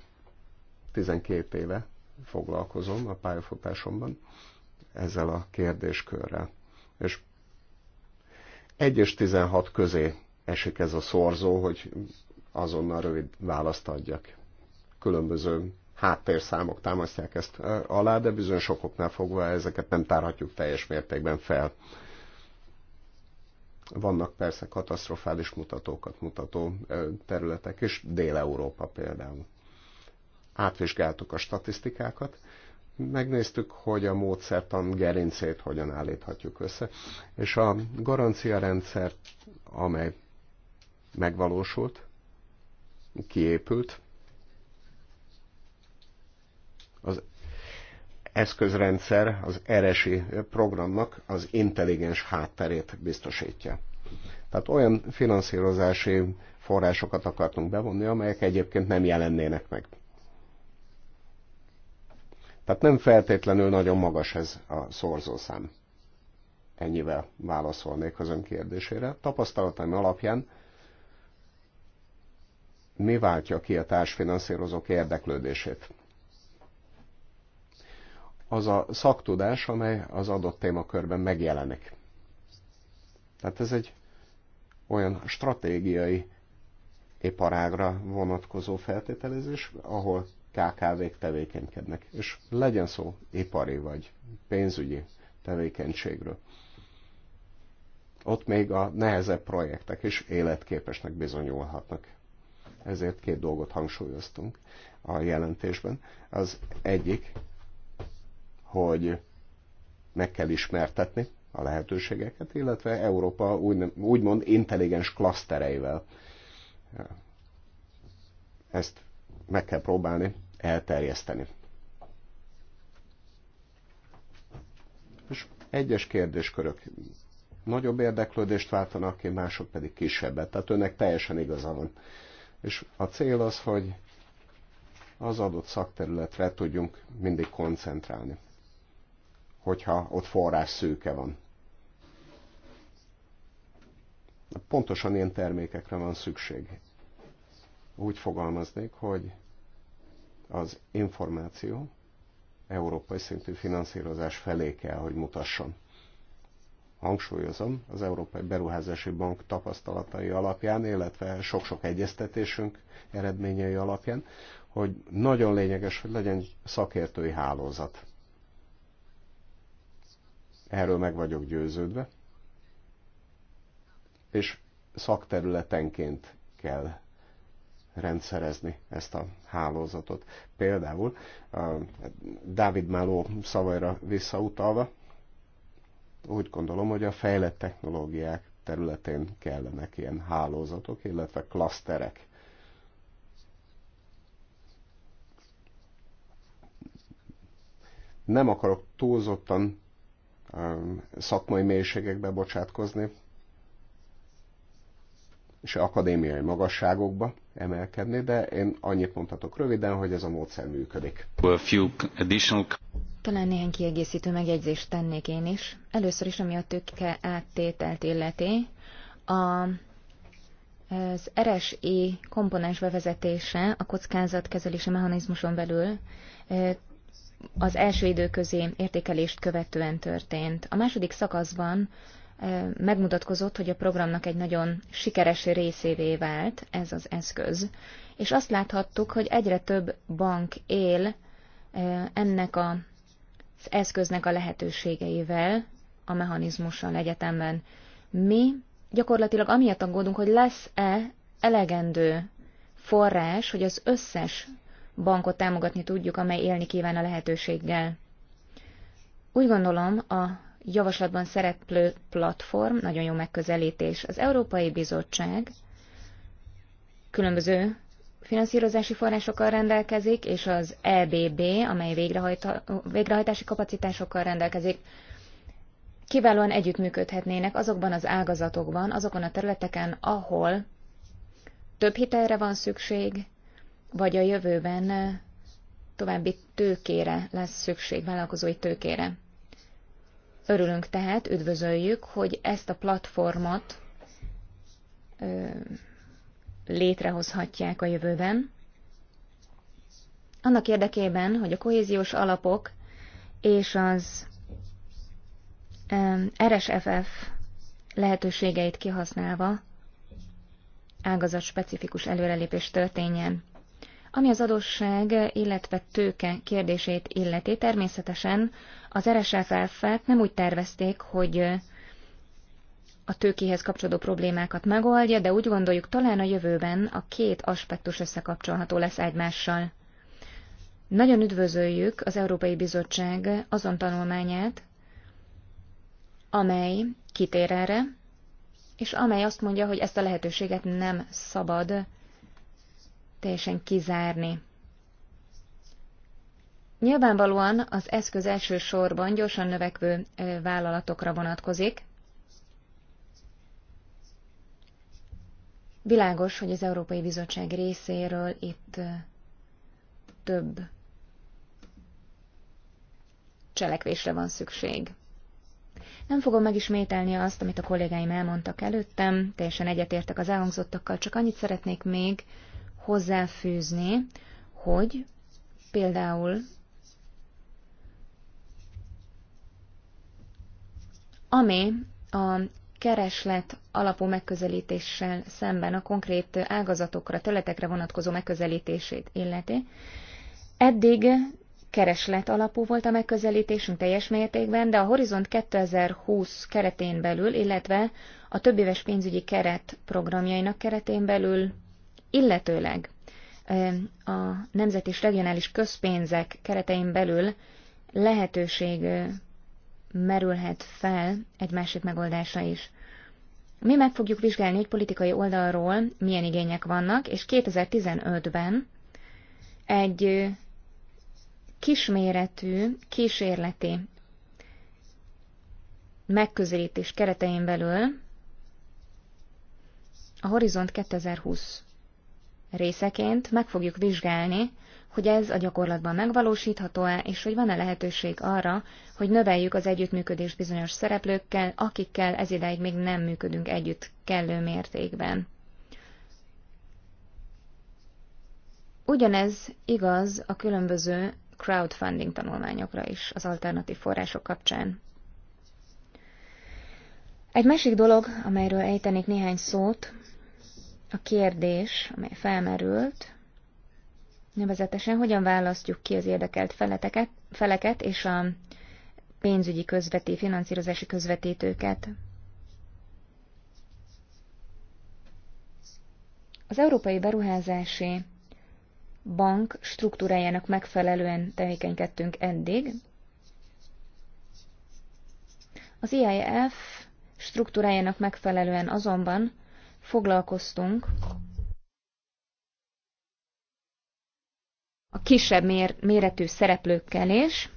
12 éve foglalkozom a pályafutásomban ezzel a kérdéskörrel. És 1 és 16 közé esik ez a szorzó, hogy azonnal rövid választ adjak. Különböző háttérszámok támasztják ezt alá, de bizonyos okoknál fogva ezeket nem tárhatjuk teljes mértékben fel. Vannak persze katasztrofális mutatókat mutató területek, és Dél-Európa például. Átvizsgáltuk a statisztikákat, megnéztük, hogy a módszertan gerincét hogyan állíthatjuk össze, és a garanciarendszer, amely megvalósult, kiépült, az eszközrendszer az RSI programnak az intelligens hátterét biztosítja. Tehát olyan finanszírozási forrásokat akartunk bevonni, amelyek egyébként nem jelennének meg. Tehát nem feltétlenül nagyon magas ez a szorzószám. Ennyivel válaszolnék az ön kérdésére. Tapasztalataim alapján mi váltja ki a társfinanszírozók érdeklődését? az a szaktudás, amely az adott témakörben megjelenik. Tehát ez egy olyan stratégiai iparágra vonatkozó feltételezés, ahol KKV-k tevékenykednek. És legyen szó ipari vagy pénzügyi tevékenységről. Ott még a nehezebb projektek is életképesnek bizonyulhatnak. Ezért két dolgot hangsúlyoztunk a jelentésben. Az egyik hogy meg kell ismertetni a lehetőségeket, illetve Európa úgy úgymond intelligens klasztereivel. Ezt meg kell próbálni elterjeszteni. És egyes kérdéskörök nagyobb érdeklődést váltanak ki, mások pedig kisebbet. Tehát önnek teljesen igaza van. És a cél az, hogy az adott szakterületre tudjunk mindig koncentrálni hogyha ott forrás szőke van. Pontosan ilyen termékekre van szükség. Úgy fogalmaznék, hogy az információ európai szintű finanszírozás felé kell, hogy mutasson. Hangsúlyozom, az Európai Beruházási Bank tapasztalatai alapján, illetve sok-sok egyeztetésünk eredményei alapján, hogy nagyon lényeges, hogy legyen szakértői hálózat Erről meg vagyok győződve. És szakterületenként kell rendszerezni ezt a hálózatot. Például Dávid Máló szavaira visszautalva, úgy gondolom, hogy a fejlett technológiák területén kellenek ilyen hálózatok, illetve klaszterek. Nem akarok túlzottan Um, szakmai mélységekbe bocsátkozni, és akadémiai magasságokba emelkedni, de én annyit mondhatok röviden, hogy ez a módszer működik. Talán néhány kiegészítő megjegyzést tennék én is. Először is, ami a tükke áttételt illeti, a az RSI komponens bevezetése a kockázatkezelési mechanizmuson belül az első időközi értékelést követően történt. A második szakaszban megmutatkozott, hogy a programnak egy nagyon sikeres részévé vált ez az eszköz, és azt láthattuk, hogy egyre több bank él ennek az eszköznek a lehetőségeivel, a mechanizmussal egyetemben. Mi gyakorlatilag amiatt aggódunk, hogy lesz-e elegendő forrás, hogy az összes bankot támogatni tudjuk, amely élni kíván a lehetőséggel. Úgy gondolom, a javaslatban szereplő platform nagyon jó megközelítés. Az Európai Bizottság különböző finanszírozási forrásokkal rendelkezik, és az EBB, amely végrehajta, végrehajtási kapacitásokkal rendelkezik, kiválóan együttműködhetnének azokban az ágazatokban, azokon a területeken, ahol több hitelre van szükség, vagy a jövőben további tőkére lesz szükség, vállalkozói tőkére. Örülünk tehát, üdvözöljük, hogy ezt a platformot ö, létrehozhatják a jövőben. Annak érdekében, hogy a kohéziós alapok és az ö, RSFF lehetőségeit kihasználva ágazat specifikus előrelépés történjen. Ami az adósság, illetve tőke kérdését illeti, természetesen az RSFF-et nem úgy tervezték, hogy a tőkéhez kapcsolódó problémákat megoldja, de úgy gondoljuk, talán a jövőben a két aspektus összekapcsolható lesz egymással. Nagyon üdvözöljük az Európai Bizottság azon tanulmányát, amely kitér erre, és amely azt mondja, hogy ezt a lehetőséget nem szabad teljesen kizárni. Nyilvánvalóan az eszköz elsősorban gyorsan növekvő vállalatokra vonatkozik. Világos, hogy az Európai Bizottság részéről itt több cselekvésre van szükség. Nem fogom megismételni azt, amit a kollégáim elmondtak előttem, teljesen egyetértek az elhangzottakkal, csak annyit szeretnék még hozzáfűzni, hogy például ami a kereslet alapú megközelítéssel szemben a konkrét ágazatokra, töletekre vonatkozó megközelítését illeti. Eddig kereslet alapú volt a megközelítésünk teljes mértékben, de a Horizont 2020 keretén belül, illetve a többéves pénzügyi keret programjainak keretén belül illetőleg a nemzet és regionális közpénzek keretein belül lehetőség merülhet fel egy másik megoldásra is. Mi meg fogjuk vizsgálni, egy politikai oldalról milyen igények vannak, és 2015-ben egy kisméretű, kísérleti megközelítés keretein belül a Horizont 2020 részeként meg fogjuk vizsgálni, hogy ez a gyakorlatban megvalósítható-e, és hogy van-e lehetőség arra, hogy növeljük az együttműködés bizonyos szereplőkkel, akikkel ez ideig még nem működünk együtt kellő mértékben. Ugyanez igaz a különböző crowdfunding tanulmányokra is az alternatív források kapcsán. Egy másik dolog, amelyről ejtenék néhány szót, a kérdés, amely felmerült, nevezetesen hogyan választjuk ki az érdekelt feleteket, feleket és a pénzügyi közvetítő, finanszírozási közvetítőket. Az Európai Beruházási Bank struktúrájának megfelelően tevékenykedtünk eddig. Az IIF struktúrájának megfelelően azonban foglalkoztunk a kisebb méretű szereplőkkel is,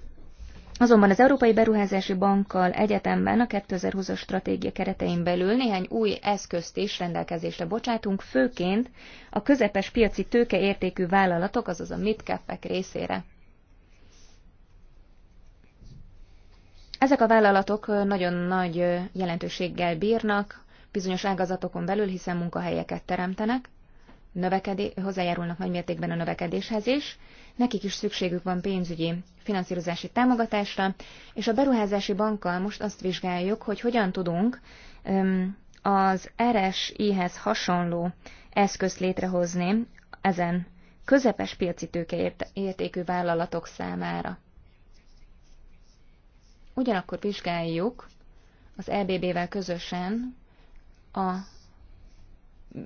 Azonban az Európai Beruházási Bankkal egyetemben a 2020-as stratégia keretein belül néhány új eszközt is rendelkezésre bocsátunk, főként a közepes piaci tőkeértékű vállalatok, azaz a midcap-ek részére. Ezek a vállalatok nagyon nagy jelentőséggel bírnak bizonyos ágazatokon belül, hiszen munkahelyeket teremtenek, növekedé, hozzájárulnak mértékben a növekedéshez is, nekik is szükségük van pénzügyi finanszírozási támogatásra, és a beruházási bankkal most azt vizsgáljuk, hogy hogyan tudunk az RSI-hez hasonló eszközt létrehozni ezen közepes piaci értékű vállalatok számára. Ugyanakkor vizsgáljuk az EBB-vel közösen a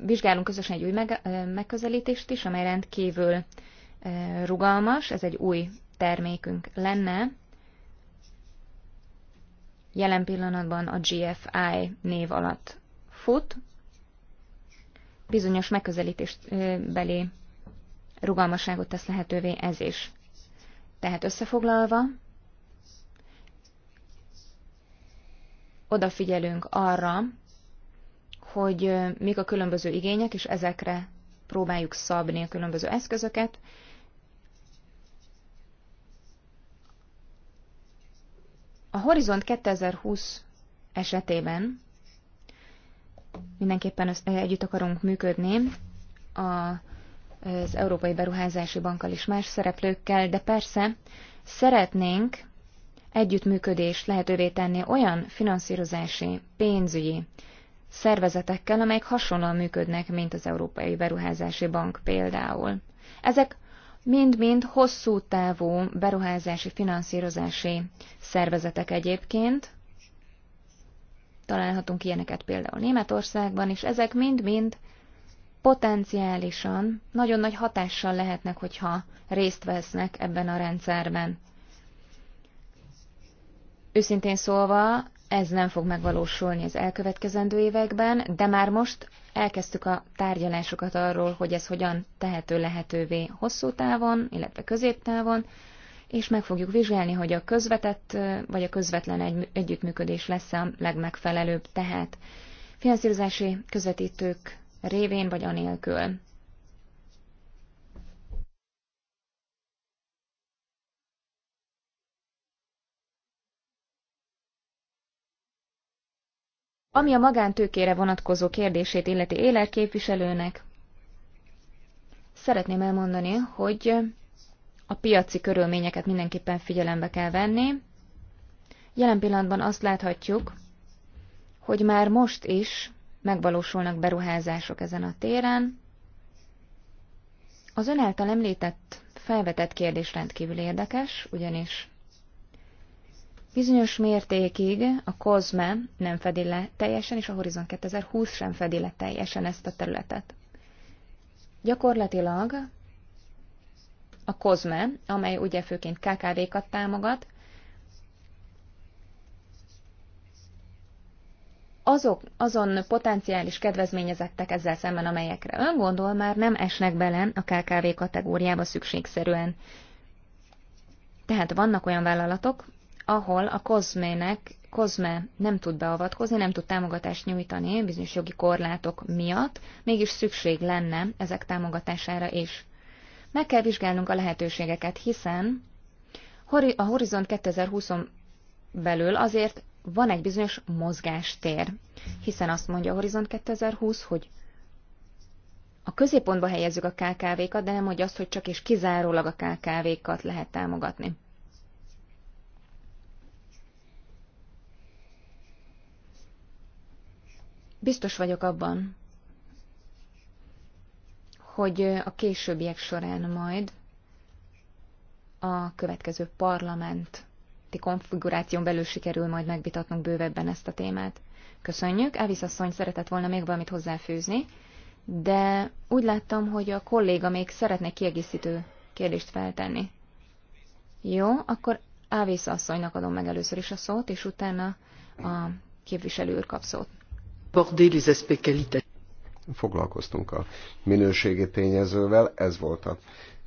vizsgálunk közösen egy új meg, megközelítést is, amely rendkívül rugalmas, ez egy új termékünk lenne. Jelen pillanatban a GFI név alatt fut. Bizonyos megközelítést belé rugalmasságot tesz lehetővé ez is. Tehát összefoglalva, odafigyelünk arra, hogy mik a különböző igények, és ezekre próbáljuk szabni a különböző eszközöket. A Horizont 2020 esetében mindenképpen együtt akarunk működni az Európai Beruházási Bankkal és más szereplőkkel, de persze szeretnénk együttműködést lehetővé tenni olyan finanszírozási, pénzügyi szervezetekkel, amelyek hasonlóan működnek, mint az Európai Beruházási Bank például. Ezek mind-mind hosszú távú beruházási finanszírozási szervezetek egyébként, találhatunk ilyeneket például Németországban, és ezek mind-mind potenciálisan nagyon nagy hatással lehetnek, hogyha részt vesznek ebben a rendszerben. Őszintén szólva, ez nem fog megvalósulni az elkövetkezendő években, de már most elkezdtük a tárgyalásokat arról, hogy ez hogyan tehető lehetővé hosszú távon, illetve középtávon, és meg fogjuk vizsgálni, hogy a közvetett vagy a közvetlen egy, együttműködés lesz a legmegfelelőbb, tehát finanszírozási közvetítők révén vagy anélkül. Ami a magántőkére vonatkozó kérdését illeti éler képviselőnek, szeretném elmondani, hogy a piaci körülményeket mindenképpen figyelembe kell venni. Jelen pillanatban azt láthatjuk, hogy már most is megvalósulnak beruházások ezen a téren. Az ön által említett felvetett kérdés rendkívül érdekes, ugyanis Bizonyos mértékig a COSME nem fedi le teljesen, és a Horizon 2020 sem fedi le teljesen ezt a területet. Gyakorlatilag a COSME, amely ugye főként KKV-kat támogat, azok, azon potenciális kedvezményezettek ezzel szemben, amelyekre ön gondol, már nem esnek bele a KKV kategóriába szükségszerűen. Tehát vannak olyan vállalatok, ahol a kozmének Kozme nem tud beavatkozni, nem tud támogatást nyújtani bizonyos jogi korlátok miatt, mégis szükség lenne ezek támogatására is. Meg kell vizsgálnunk a lehetőségeket, hiszen a Horizont 2020 belül azért van egy bizonyos mozgástér, hiszen azt mondja a Horizont 2020, hogy a középpontba helyezzük a KKV-kat, de nem hogy azt, hogy csak és kizárólag a KKV-kat lehet támogatni. Biztos vagyok abban, hogy a későbbiek során majd a következő parlamenti konfiguráción belül sikerül majd megvitatnunk bővebben ezt a témát. Köszönjük. Elvis asszony szeretett volna még valamit hozzáfűzni, de úgy láttam, hogy a kolléga még szeretne kiegészítő kérdést feltenni. Jó, akkor Ávész asszonynak adom meg először is a szót, és utána a képviselő úr kap szót. Foglalkoztunk a minőségi tényezővel, ez volt a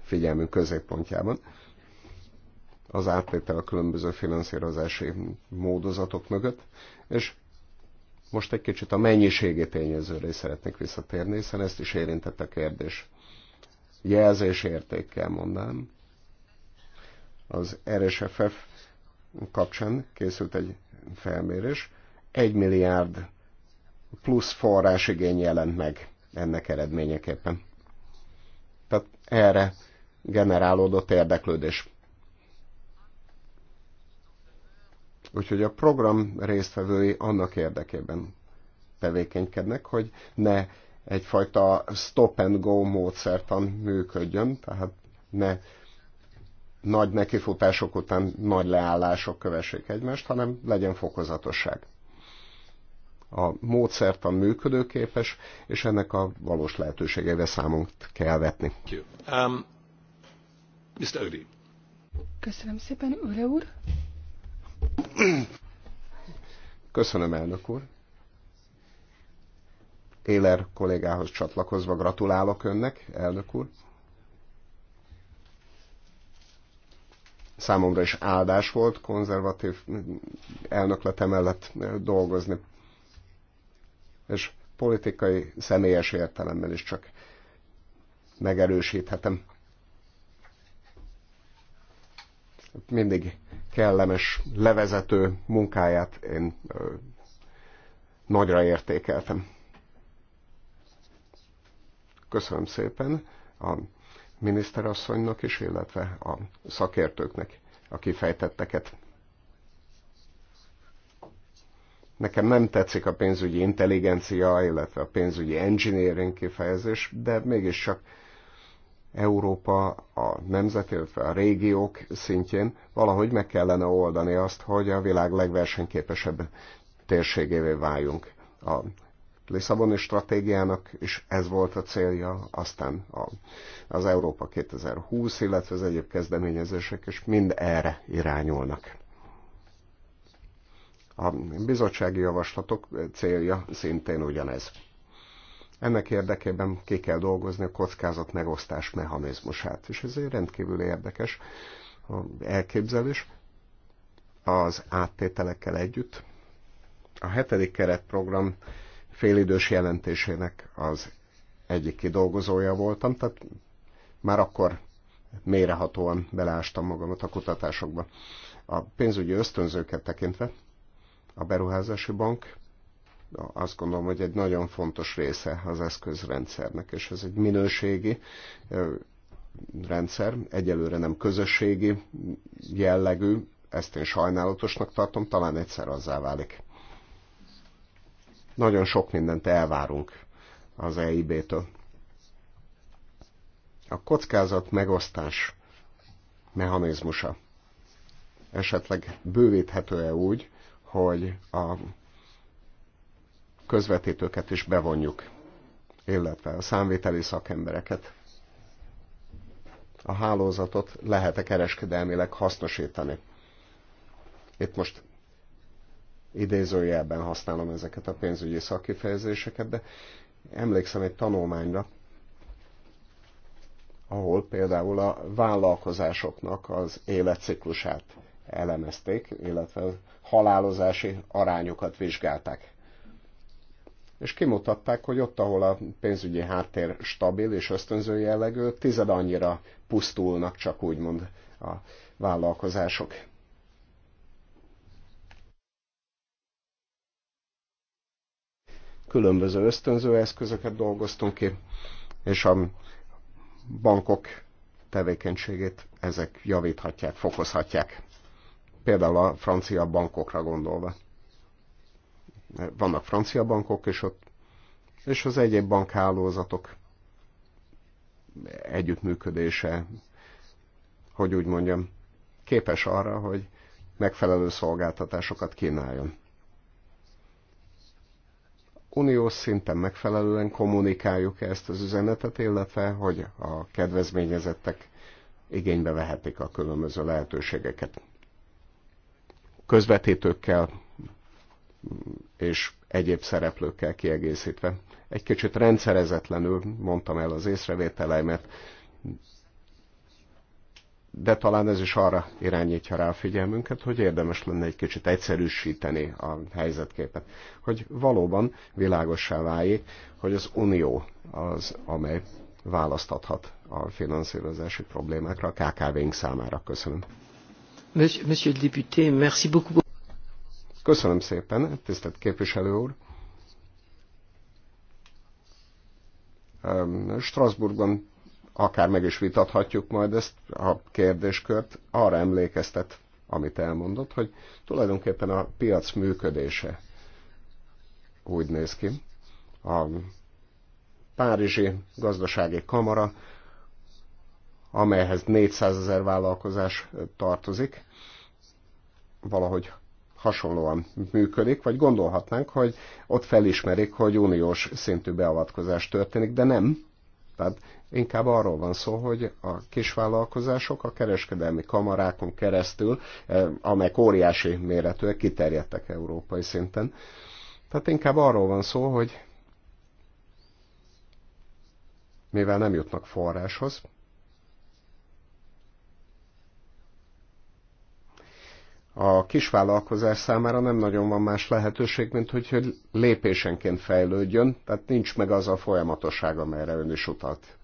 figyelmünk középpontjában. Az áttétel a különböző finanszírozási módozatok mögött, és most egy kicsit a mennyiségi tényezőre is szeretnék visszatérni, hiszen ezt is érintett a kérdés. Jelzés értékkel mondanám. Az RSFF kapcsán készült egy felmérés. Egy milliárd plusz forrásigény jelent meg ennek eredményeképpen. Tehát erre generálódott érdeklődés. Úgyhogy a program résztvevői annak érdekében tevékenykednek, hogy ne egyfajta stop-and-go módszertan működjön, tehát ne nagy nekifutások után nagy leállások kövessék egymást, hanem legyen fokozatosság a módszertan működőképes, és ennek a valós lehetőségeivel számunk kell vetni. Um, Mr. Ödi. Köszönöm szépen, Öre úr. Köszönöm, elnök úr. Éler kollégához csatlakozva gratulálok önnek, elnök úr. Számomra is áldás volt konzervatív elnöklete mellett dolgozni és politikai, személyes értelemmel is csak megerősíthetem. Mindig kellemes levezető munkáját én ö, nagyra értékeltem. Köszönöm szépen a miniszterasszonynak is, illetve a szakértőknek a kifejtetteket. Nekem nem tetszik a pénzügyi intelligencia, illetve a pénzügyi engineering kifejezés, de mégiscsak Európa, a nemzet, illetve a régiók szintjén valahogy meg kellene oldani azt, hogy a világ legversenyképesebb térségévé váljunk. A Lisszaboni stratégiának is ez volt a célja, aztán a, az Európa 2020, illetve az egyéb kezdeményezések is mind erre irányulnak. A bizottsági javaslatok célja szintén ugyanez. Ennek érdekében ki kell dolgozni a kockázat megosztás mechanizmusát, és ez egy rendkívül érdekes elképzelés az áttételekkel együtt. A hetedik keretprogram félidős jelentésének az egyik kidolgozója voltam, tehát már akkor mélyrehatóan beleástam magamat a kutatásokba. A pénzügyi ösztönzőket tekintve a beruházási bank azt gondolom, hogy egy nagyon fontos része az eszközrendszernek, és ez egy minőségi rendszer, egyelőre nem közösségi jellegű, ezt én sajnálatosnak tartom, talán egyszer azzá válik. Nagyon sok mindent elvárunk az EIB-től. A kockázat megosztás mechanizmusa esetleg bővíthető-e úgy, hogy a közvetítőket is bevonjuk, illetve a számvételi szakembereket. A hálózatot lehet -e kereskedelmileg hasznosítani. Itt most idézőjelben használom ezeket a pénzügyi szakkifejezéseket, de emlékszem egy tanulmányra, ahol például a vállalkozásoknak az életciklusát elemezték, illetve halálozási arányokat vizsgálták. És kimutatták, hogy ott, ahol a pénzügyi háttér stabil és ösztönző jellegű, tized annyira pusztulnak csak úgymond a vállalkozások. Különböző ösztönző eszközöket dolgoztunk ki, és a bankok tevékenységét ezek javíthatják, fokozhatják. Például a francia bankokra gondolva. Vannak francia bankok, és, ott, és az egyéb bankhálózatok együttműködése, hogy úgy mondjam, képes arra, hogy megfelelő szolgáltatásokat kínáljon. Uniós szinten megfelelően kommunikáljuk ezt az üzenetet, illetve hogy a kedvezményezettek igénybe vehetik a különböző lehetőségeket közvetítőkkel és egyéb szereplőkkel kiegészítve. Egy kicsit rendszerezetlenül mondtam el az észrevételeimet, de talán ez is arra irányítja rá a figyelmünket, hogy érdemes lenne egy kicsit egyszerűsíteni a helyzetképet, hogy valóban világossá váljék, hogy az Unió az, amely választathat a finanszírozási problémákra a KKV-nk számára. Köszönöm. Monsieur le député, merci beaucoup. Köszönöm szépen, tisztelt képviselő úr. Strasbourgban akár meg is vitathatjuk majd ezt a kérdéskört, arra emlékeztet, amit elmondott, hogy tulajdonképpen a piac működése úgy néz ki. A Párizsi Gazdasági Kamara amelyhez 400 ezer vállalkozás tartozik, valahogy hasonlóan működik, vagy gondolhatnánk, hogy ott felismerik, hogy uniós szintű beavatkozás történik, de nem. Tehát inkább arról van szó, hogy a kisvállalkozások a kereskedelmi kamarákon keresztül, eh, amelyek óriási méretűek, kiterjedtek európai szinten. Tehát inkább arról van szó, hogy mivel nem jutnak forráshoz, a kisvállalkozás számára nem nagyon van más lehetőség, mint hogy lépésenként fejlődjön, tehát nincs meg az a folyamatosság, amelyre ön is utalt.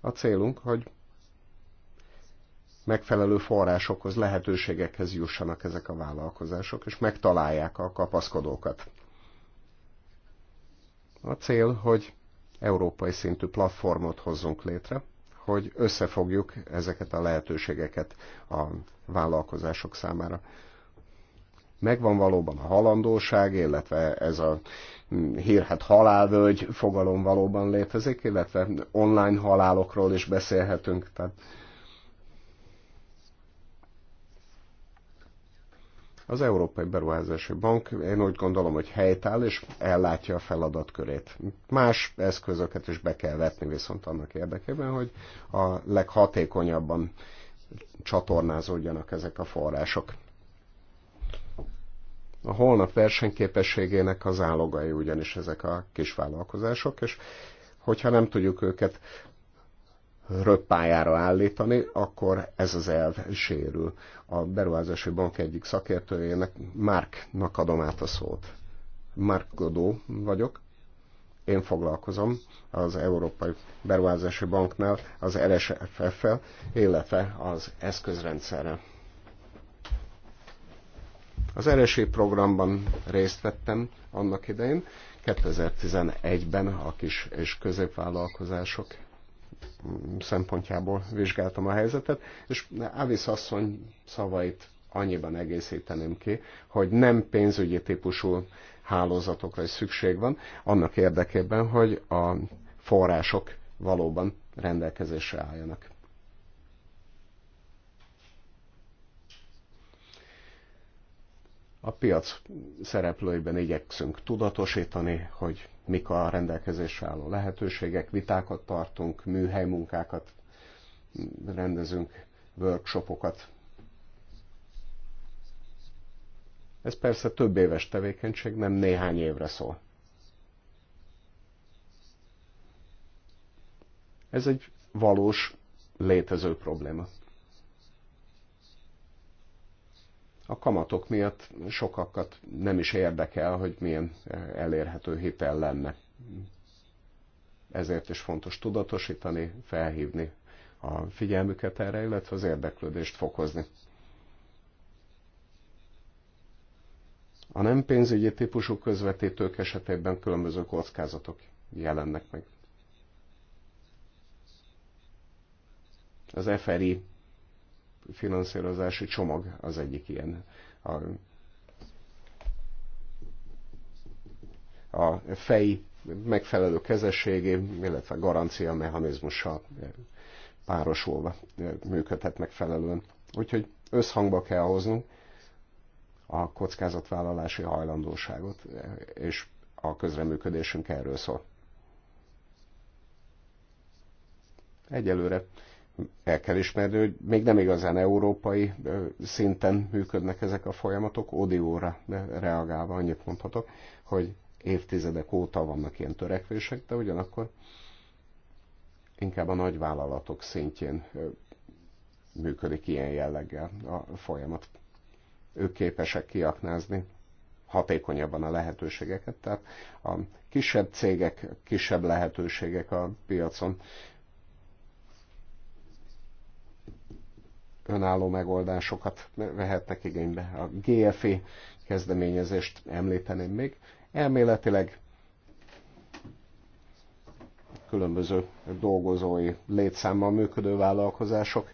A célunk, hogy megfelelő forrásokhoz, lehetőségekhez jussanak ezek a vállalkozások, és megtalálják a kapaszkodókat. A cél, hogy európai szintű platformot hozzunk létre, hogy összefogjuk ezeket a lehetőségeket a vállalkozások számára. Megvan valóban a halandóság, illetve ez a hírhet halálvölgy fogalom valóban létezik, illetve online halálokról is beszélhetünk. Tehát Az Európai Beruházási Bank, én úgy gondolom, hogy helytáll és ellátja a feladatkörét. Más eszközöket is be kell vetni viszont annak érdekében, hogy a leghatékonyabban csatornázódjanak ezek a források. A holnap versenyképességének az állogai ugyanis ezek a kisvállalkozások, és hogyha nem tudjuk őket röppájára állítani, akkor ez az elv sérül. A beruházási bank egyik szakértőjének, Márknak adom át a szót. Márk Godó vagyok, én foglalkozom az Európai Beruházási Banknál az LSFF-fel, illetve az eszközrendszerrel. Az RSI programban részt vettem annak idején, 2011-ben a kis és középvállalkozások szempontjából vizsgáltam a helyzetet, és Ávisz asszony szavait annyiban egészíteném ki, hogy nem pénzügyi típusú hálózatokra is szükség van, annak érdekében, hogy a források valóban rendelkezésre álljanak. A piac szereplőiben igyekszünk tudatosítani, hogy mik a rendelkezésre álló lehetőségek, vitákat tartunk, műhelymunkákat rendezünk, workshopokat. Ez persze több éves tevékenység, nem néhány évre szól. Ez egy valós létező probléma. a kamatok miatt sokakat nem is érdekel, hogy milyen eh, elérhető hitel lenne. Ezért is fontos tudatosítani, felhívni a figyelmüket erre, illetve az érdeklődést fokozni. A nem pénzügyi típusú közvetítők esetében különböző kockázatok jelennek meg. Az FRI finanszírozási csomag az egyik ilyen. A, a fej megfelelő kezességé, illetve garancia mechanizmussal párosulva működhet megfelelően. Úgyhogy összhangba kell hoznunk a kockázatvállalási hajlandóságot, és a közreműködésünk erről szól. Egyelőre el kell ismerni, hogy még nem igazán európai szinten működnek ezek a folyamatok. Odióra reagálva annyit mondhatok, hogy évtizedek óta vannak ilyen törekvések, de ugyanakkor inkább a nagyvállalatok szintjén működik ilyen jelleggel a folyamat. Ők képesek kiaknázni hatékonyabban a lehetőségeket, tehát a kisebb cégek, kisebb lehetőségek a piacon önálló megoldásokat vehetnek igénybe. A GFI kezdeményezést említeném még. Elméletileg különböző dolgozói létszámmal működő vállalkozások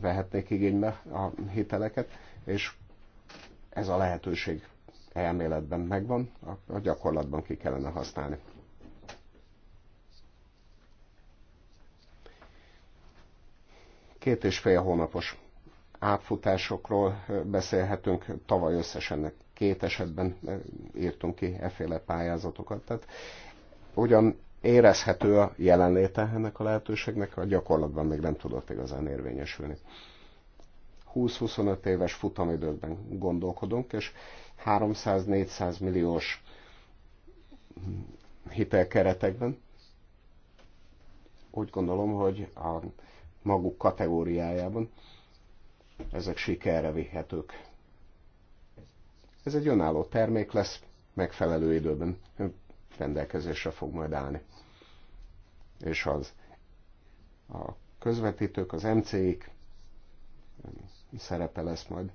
vehetnék igénybe a hiteleket, és ez a lehetőség elméletben megvan, a gyakorlatban ki kellene használni. Két és fél hónapos átfutásokról beszélhetünk, tavaly összesen két esetben írtunk ki efféle pályázatokat. Tehát ugyan érezhető a jelenléte ennek a lehetőségnek, a gyakorlatban még nem tudott igazán érvényesülni. 20-25 éves futamidőben gondolkodunk, és 300-400 milliós hitelkeretekben úgy gondolom, hogy a maguk kategóriájában, ezek sikerre vihetők. Ez egy önálló termék lesz, megfelelő időben rendelkezésre fog majd állni. És az a közvetítők, az MC-k szerepe lesz majd,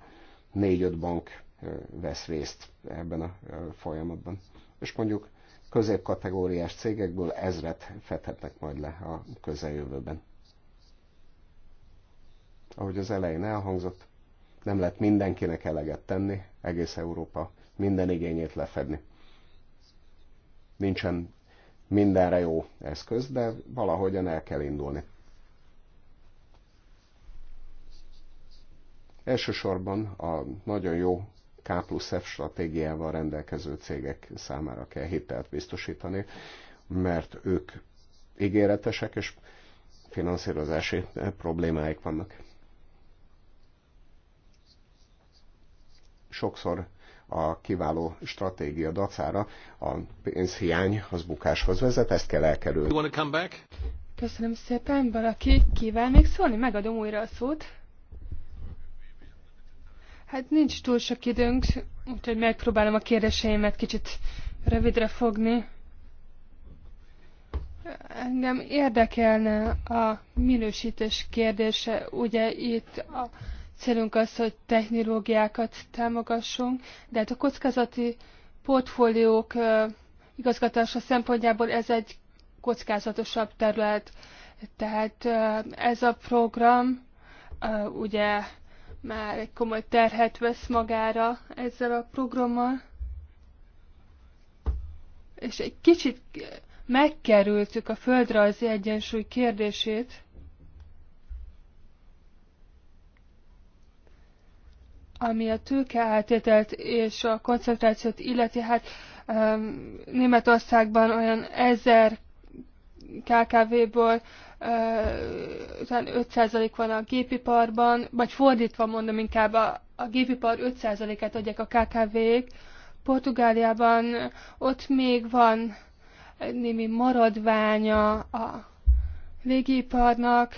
négy-öt bank vesz részt ebben a folyamatban. És mondjuk középkategóriás cégekből ezret fethetnek majd le a közeljövőben ahogy az elején elhangzott, nem lehet mindenkinek eleget tenni, egész Európa minden igényét lefedni. Nincsen mindenre jó eszköz, de valahogyan el kell indulni. Elsősorban a nagyon jó K plusz F stratégiával rendelkező cégek számára kell hitelt biztosítani, mert ők ígéretesek, és finanszírozási problémáik vannak. sokszor a kiváló stratégia dacára a pénzhiány az bukáshoz vezet, ezt kell elkerülni. Köszönöm szépen, valaki kíván még szólni? Megadom újra a szót. Hát nincs túl sok időnk, úgyhogy megpróbálom a kérdéseimet kicsit rövidre fogni. Engem érdekelne a minősítés kérdése, ugye itt a Célunk az, hogy technológiákat támogassunk, de hát a kockázati portfóliók igazgatása szempontjából ez egy kockázatosabb terület. Tehát ez a program ugye már egy komoly terhet vesz magára ezzel a programmal, és egy kicsit megkerültük a földrajzi egyensúly kérdését, ami a átételt és a koncentrációt illeti, hát Németországban olyan ezer KKV-ból 5% eh, van a gépiparban, vagy fordítva mondom inkább, a, a gépipar 5%-át adják a KKV-k. Portugáliában ott még van némi maradványa a légiparnak,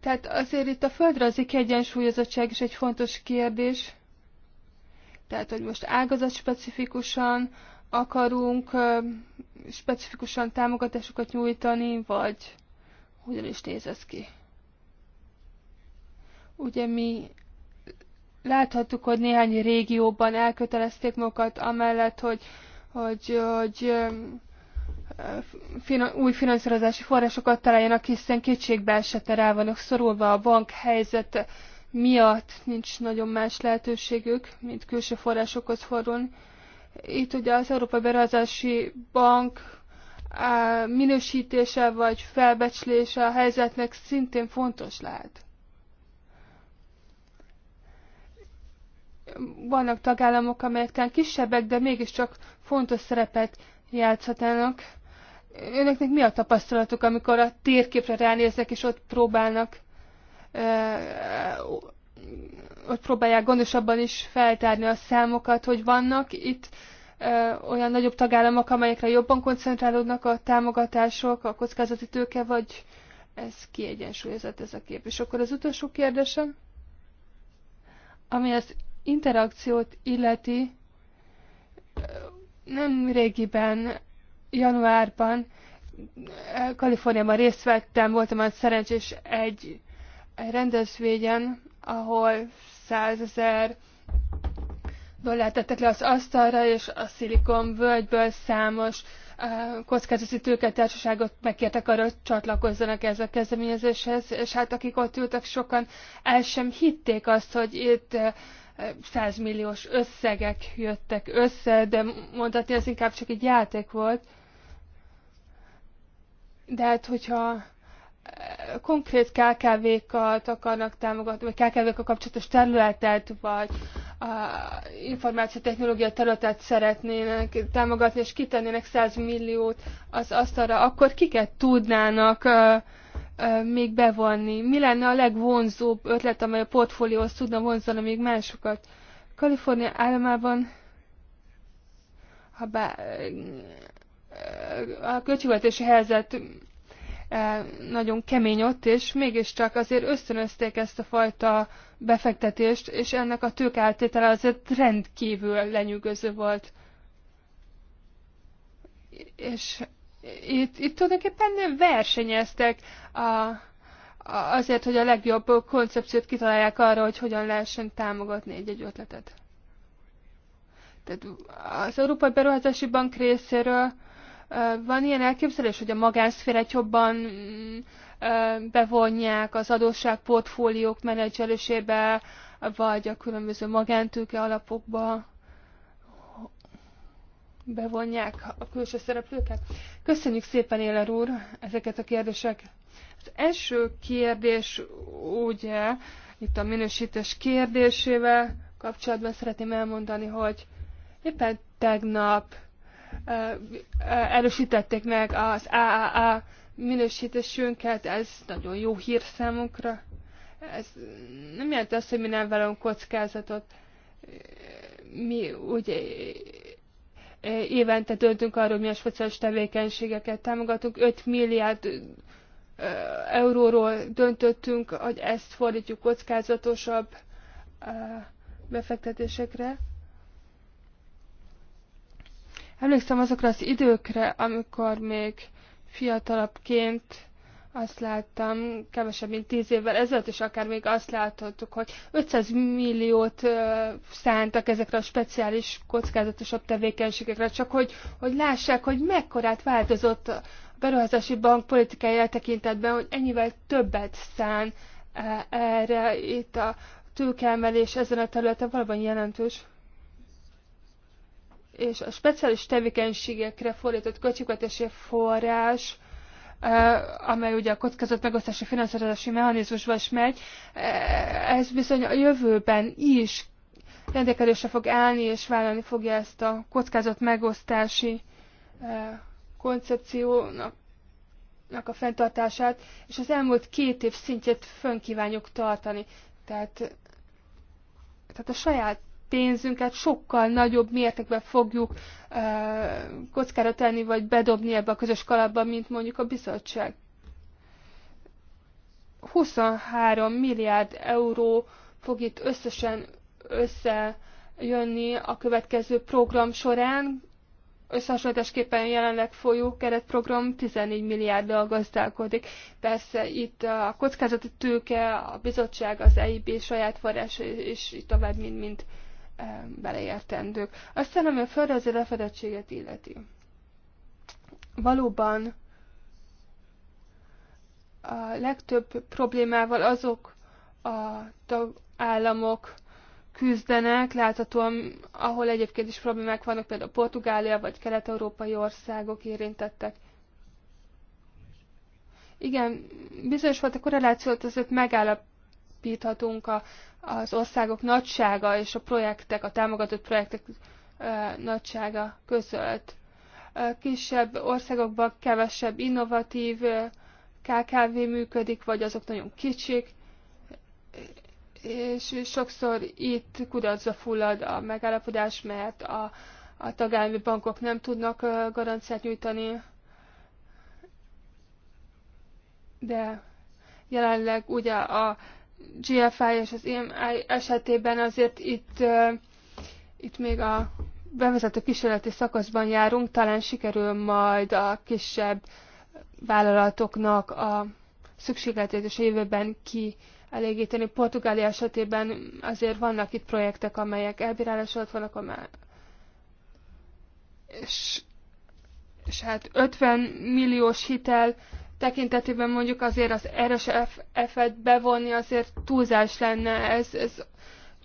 tehát azért itt a földrajzi kiegyensúlyozottság is egy fontos kérdés. Tehát, hogy most ágazat specifikusan akarunk specifikusan támogatásokat nyújtani, vagy hogyan is néz ez ki? Ugye mi láthattuk, hogy néhány régióban elkötelezték magukat amellett, hogy, hogy, hogy új finanszírozási forrásokat találjanak, hiszen kétségbe esete rá vannak szorulva a bank helyzet miatt nincs nagyon más lehetőségük, mint külső forrásokhoz fordulni. Itt ugye az Európai Beruházási Bank minősítése vagy felbecslése a helyzetnek szintén fontos lehet. Vannak tagállamok, amelyek talán kisebbek, de mégiscsak fontos szerepet játszhatnának önöknek mi a tapasztalatuk, amikor a térképre ránéznek, és ott próbálnak, ott próbálják gondosabban is feltárni a számokat, hogy vannak itt olyan nagyobb tagállamok, amelyekre jobban koncentrálódnak a támogatások, a kockázati tőke, vagy ez kiegyensúlyozott ez a kép. És akkor az utolsó kérdésem, ami az interakciót illeti, nem régiben januárban eh, Kaliforniában részt vettem, voltam a szerencsés egy, egy rendezvényen, ahol százezer dollárt tettek le az asztalra, és a Silicon völgyből számos uh, kockázati tőketársaságot megkértek arra, hogy csatlakozzanak ez a kezdeményezéshez, és hát akik ott ültek, sokan el sem hitték azt, hogy itt 100 eh, milliós összegek jöttek össze, de mondhatni ez inkább csak egy játék volt. De hát, hogyha eh, konkrét KKV-kat akarnak támogatni, vagy KKV-kkal kapcsolatos területet, vagy a eh, információtechnológia területet szeretnének támogatni, és kitennének 100 milliót az asztalra, akkor kiket tudnának eh, még bevonni? Mi lenne a legvonzóbb ötlet, amely a portfólióhoz tudna vonzani még másokat? Kalifornia államában, ha bár a költségvetési helyzet eh, nagyon kemény ott, és mégiscsak azért ösztönözték ezt a fajta befektetést, és ennek a tőkeáltétele azért rendkívül lenyűgöző volt. És itt, itt tulajdonképpen versenyeztek a, a, azért, hogy a legjobb koncepciót kitalálják arra, hogy hogyan lehessen támogatni egy-egy ötletet. Tehát az Európai Beruházási Bank részéről van ilyen elképzelés, hogy a magánszférát jobban mm, bevonják az adósságportfóliók menedzselésébe, vagy a különböző magántőke alapokba bevonják a külső szereplőket? Köszönjük szépen, Éler úr, ezeket a kérdéseket. Az első kérdés, ugye, itt a minősítés kérdésével kapcsolatban szeretném elmondani, hogy éppen tegnap erősítették meg az AAA minősítésünket, ez nagyon jó hír számunkra. Ez nem jelenti azt, hogy mi nem velünk kockázatot. Mi ugye évente döntünk arról, hogy milyen speciális tevékenységeket támogatunk. 5 milliárd euróról döntöttünk, hogy ezt fordítjuk kockázatosabb befektetésekre. Emlékszem azokra az időkre, amikor még fiatalabbként azt láttam, kevesebb, mint tíz évvel ezelőtt, és akár még azt láthattuk, hogy 500 milliót ö, szántak ezekre a speciális kockázatosabb tevékenységekre, csak hogy, hogy lássák, hogy mekkorát változott a beruházási bank politikája tekintetben, hogy ennyivel többet szán e, erre itt a tőkeemelés ezen a területen valóban jelentős és a speciális tevékenységekre fordított költségvetési forrás, eh, amely ugye a kockázat megosztási finanszírozási mechanizmusba is megy, eh, ez bizony a jövőben is rendelkezésre fog állni, és vállalni fogja ezt a kockázat megosztási eh, koncepciónak a fenntartását, és az elmúlt két év szintjét fönn kívánjuk tartani. Tehát, tehát a saját pénzünket sokkal nagyobb mértékben fogjuk ö, kockára tenni, vagy bedobni ebbe a közös kalapba, mint mondjuk a bizottság. 23 milliárd euró fog itt összesen összejönni a következő program során. Összehasonlításképpen jelenleg folyó keretprogram 14 milliárddal gazdálkodik. Persze itt a kockázati tőke, a bizottság, az EIB saját forrás, és így tovább, mint, mint beleértendők. Aztán, ami a földrajzi lefedettséget illeti. Valóban a legtöbb problémával azok a államok küzdenek, láthatóan, ahol egyébként is problémák vannak, például Portugália vagy kelet-európai országok érintettek. Igen, bizonyos volt a korrelációt azért megállap, megállapíthatunk a, az országok nagysága és a projektek, a támogatott projektek nagysága között. Kisebb országokban kevesebb innovatív KKV működik, vagy azok nagyon kicsik, és sokszor itt kudarcba fullad a megállapodás, mert a, a tagállami bankok nem tudnak garanciát nyújtani, de jelenleg ugye a GFI és az IMI esetében azért itt, itt még a bevezető kísérleti szakaszban járunk, talán sikerül majd a kisebb vállalatoknak a szükségletét és a jövőben ki elégíteni. Portugália esetében azért vannak itt projektek, amelyek elbírálás alatt vannak, amely... és, és hát 50 milliós hitel tekintetében mondjuk azért az RSF-et bevonni azért túlzás lenne, ez, ez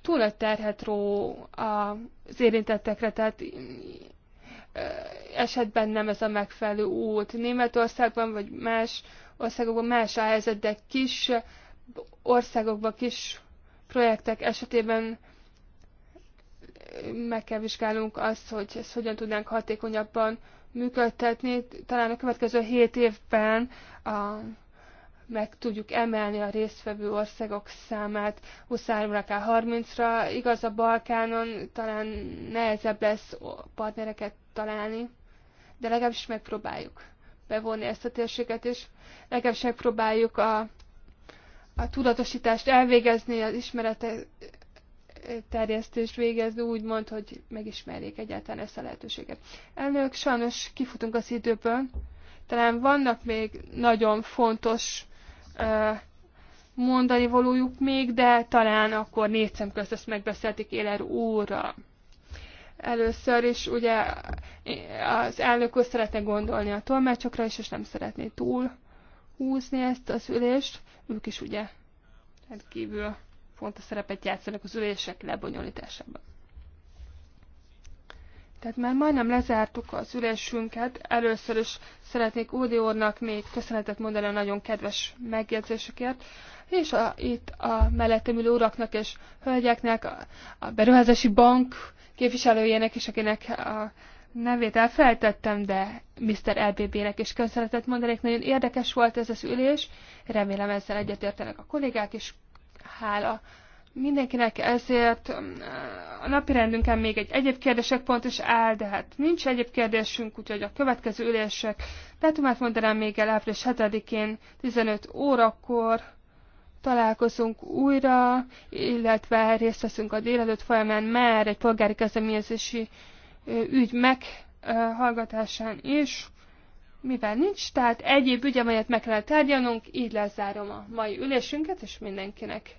túl a terhet ró az érintettekre, tehát esetben nem ez a megfelelő út. Németországban vagy más országokban más a helyzet, de kis országokban, kis projektek esetében meg kell vizsgálnunk azt, hogy ezt hogyan tudnánk hatékonyabban működtetni. Talán a következő hét évben a, meg tudjuk emelni a résztvevő országok számát 23-ra kell 30-ra. Igaz, a Balkánon talán nehezebb lesz partnereket találni, de legalábbis megpróbáljuk bevonni ezt a térséget, és legalábbis megpróbáljuk a, a tudatosítást elvégezni, az ismerete, terjesztést végezni, úgymond, hogy megismerjék egyáltalán ezt a lehetőséget. Elnök, sajnos kifutunk az időből. Talán vannak még nagyon fontos mondani valójuk még, de talán akkor négy szem közt ezt megbeszélték Éler úrra. Először is ugye az elnök úr szeretne gondolni a tolmácsokra is, és nem szeretné túl húzni ezt az ülést. Ők is ugye rendkívül fontos szerepet játszanak az ülések lebonyolításában. Tehát már majdnem lezártuk az ülésünket. Először is szeretnék Ódi úrnak még köszönetet mondani a nagyon kedves megjegyzésekért, és a, itt a mellettem ülő uraknak és hölgyeknek, a, a beruházási bank képviselőjének is, akinek a nevét elfelejtettem, de Mr. LBB-nek is köszönetet mondanék. Nagyon érdekes volt ez az ülés, remélem ezzel egyetértenek a kollégák, és hála mindenkinek, ezért a napirendünkön még egy egyéb kérdések pont is áll, de hát nincs egyéb kérdésünk, úgyhogy a következő ülések betumát mondanám még el április 7-én 15 órakor találkozunk újra, illetve részt veszünk a délelőtt folyamán már egy polgári kezdeményezési ügy meghallgatásán is. Mivel nincs, tehát egyéb ügy, amelyet meg kell tárgyalnunk, így lezárom a mai ülésünket, és mindenkinek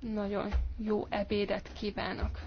nagyon jó ebédet kívánok.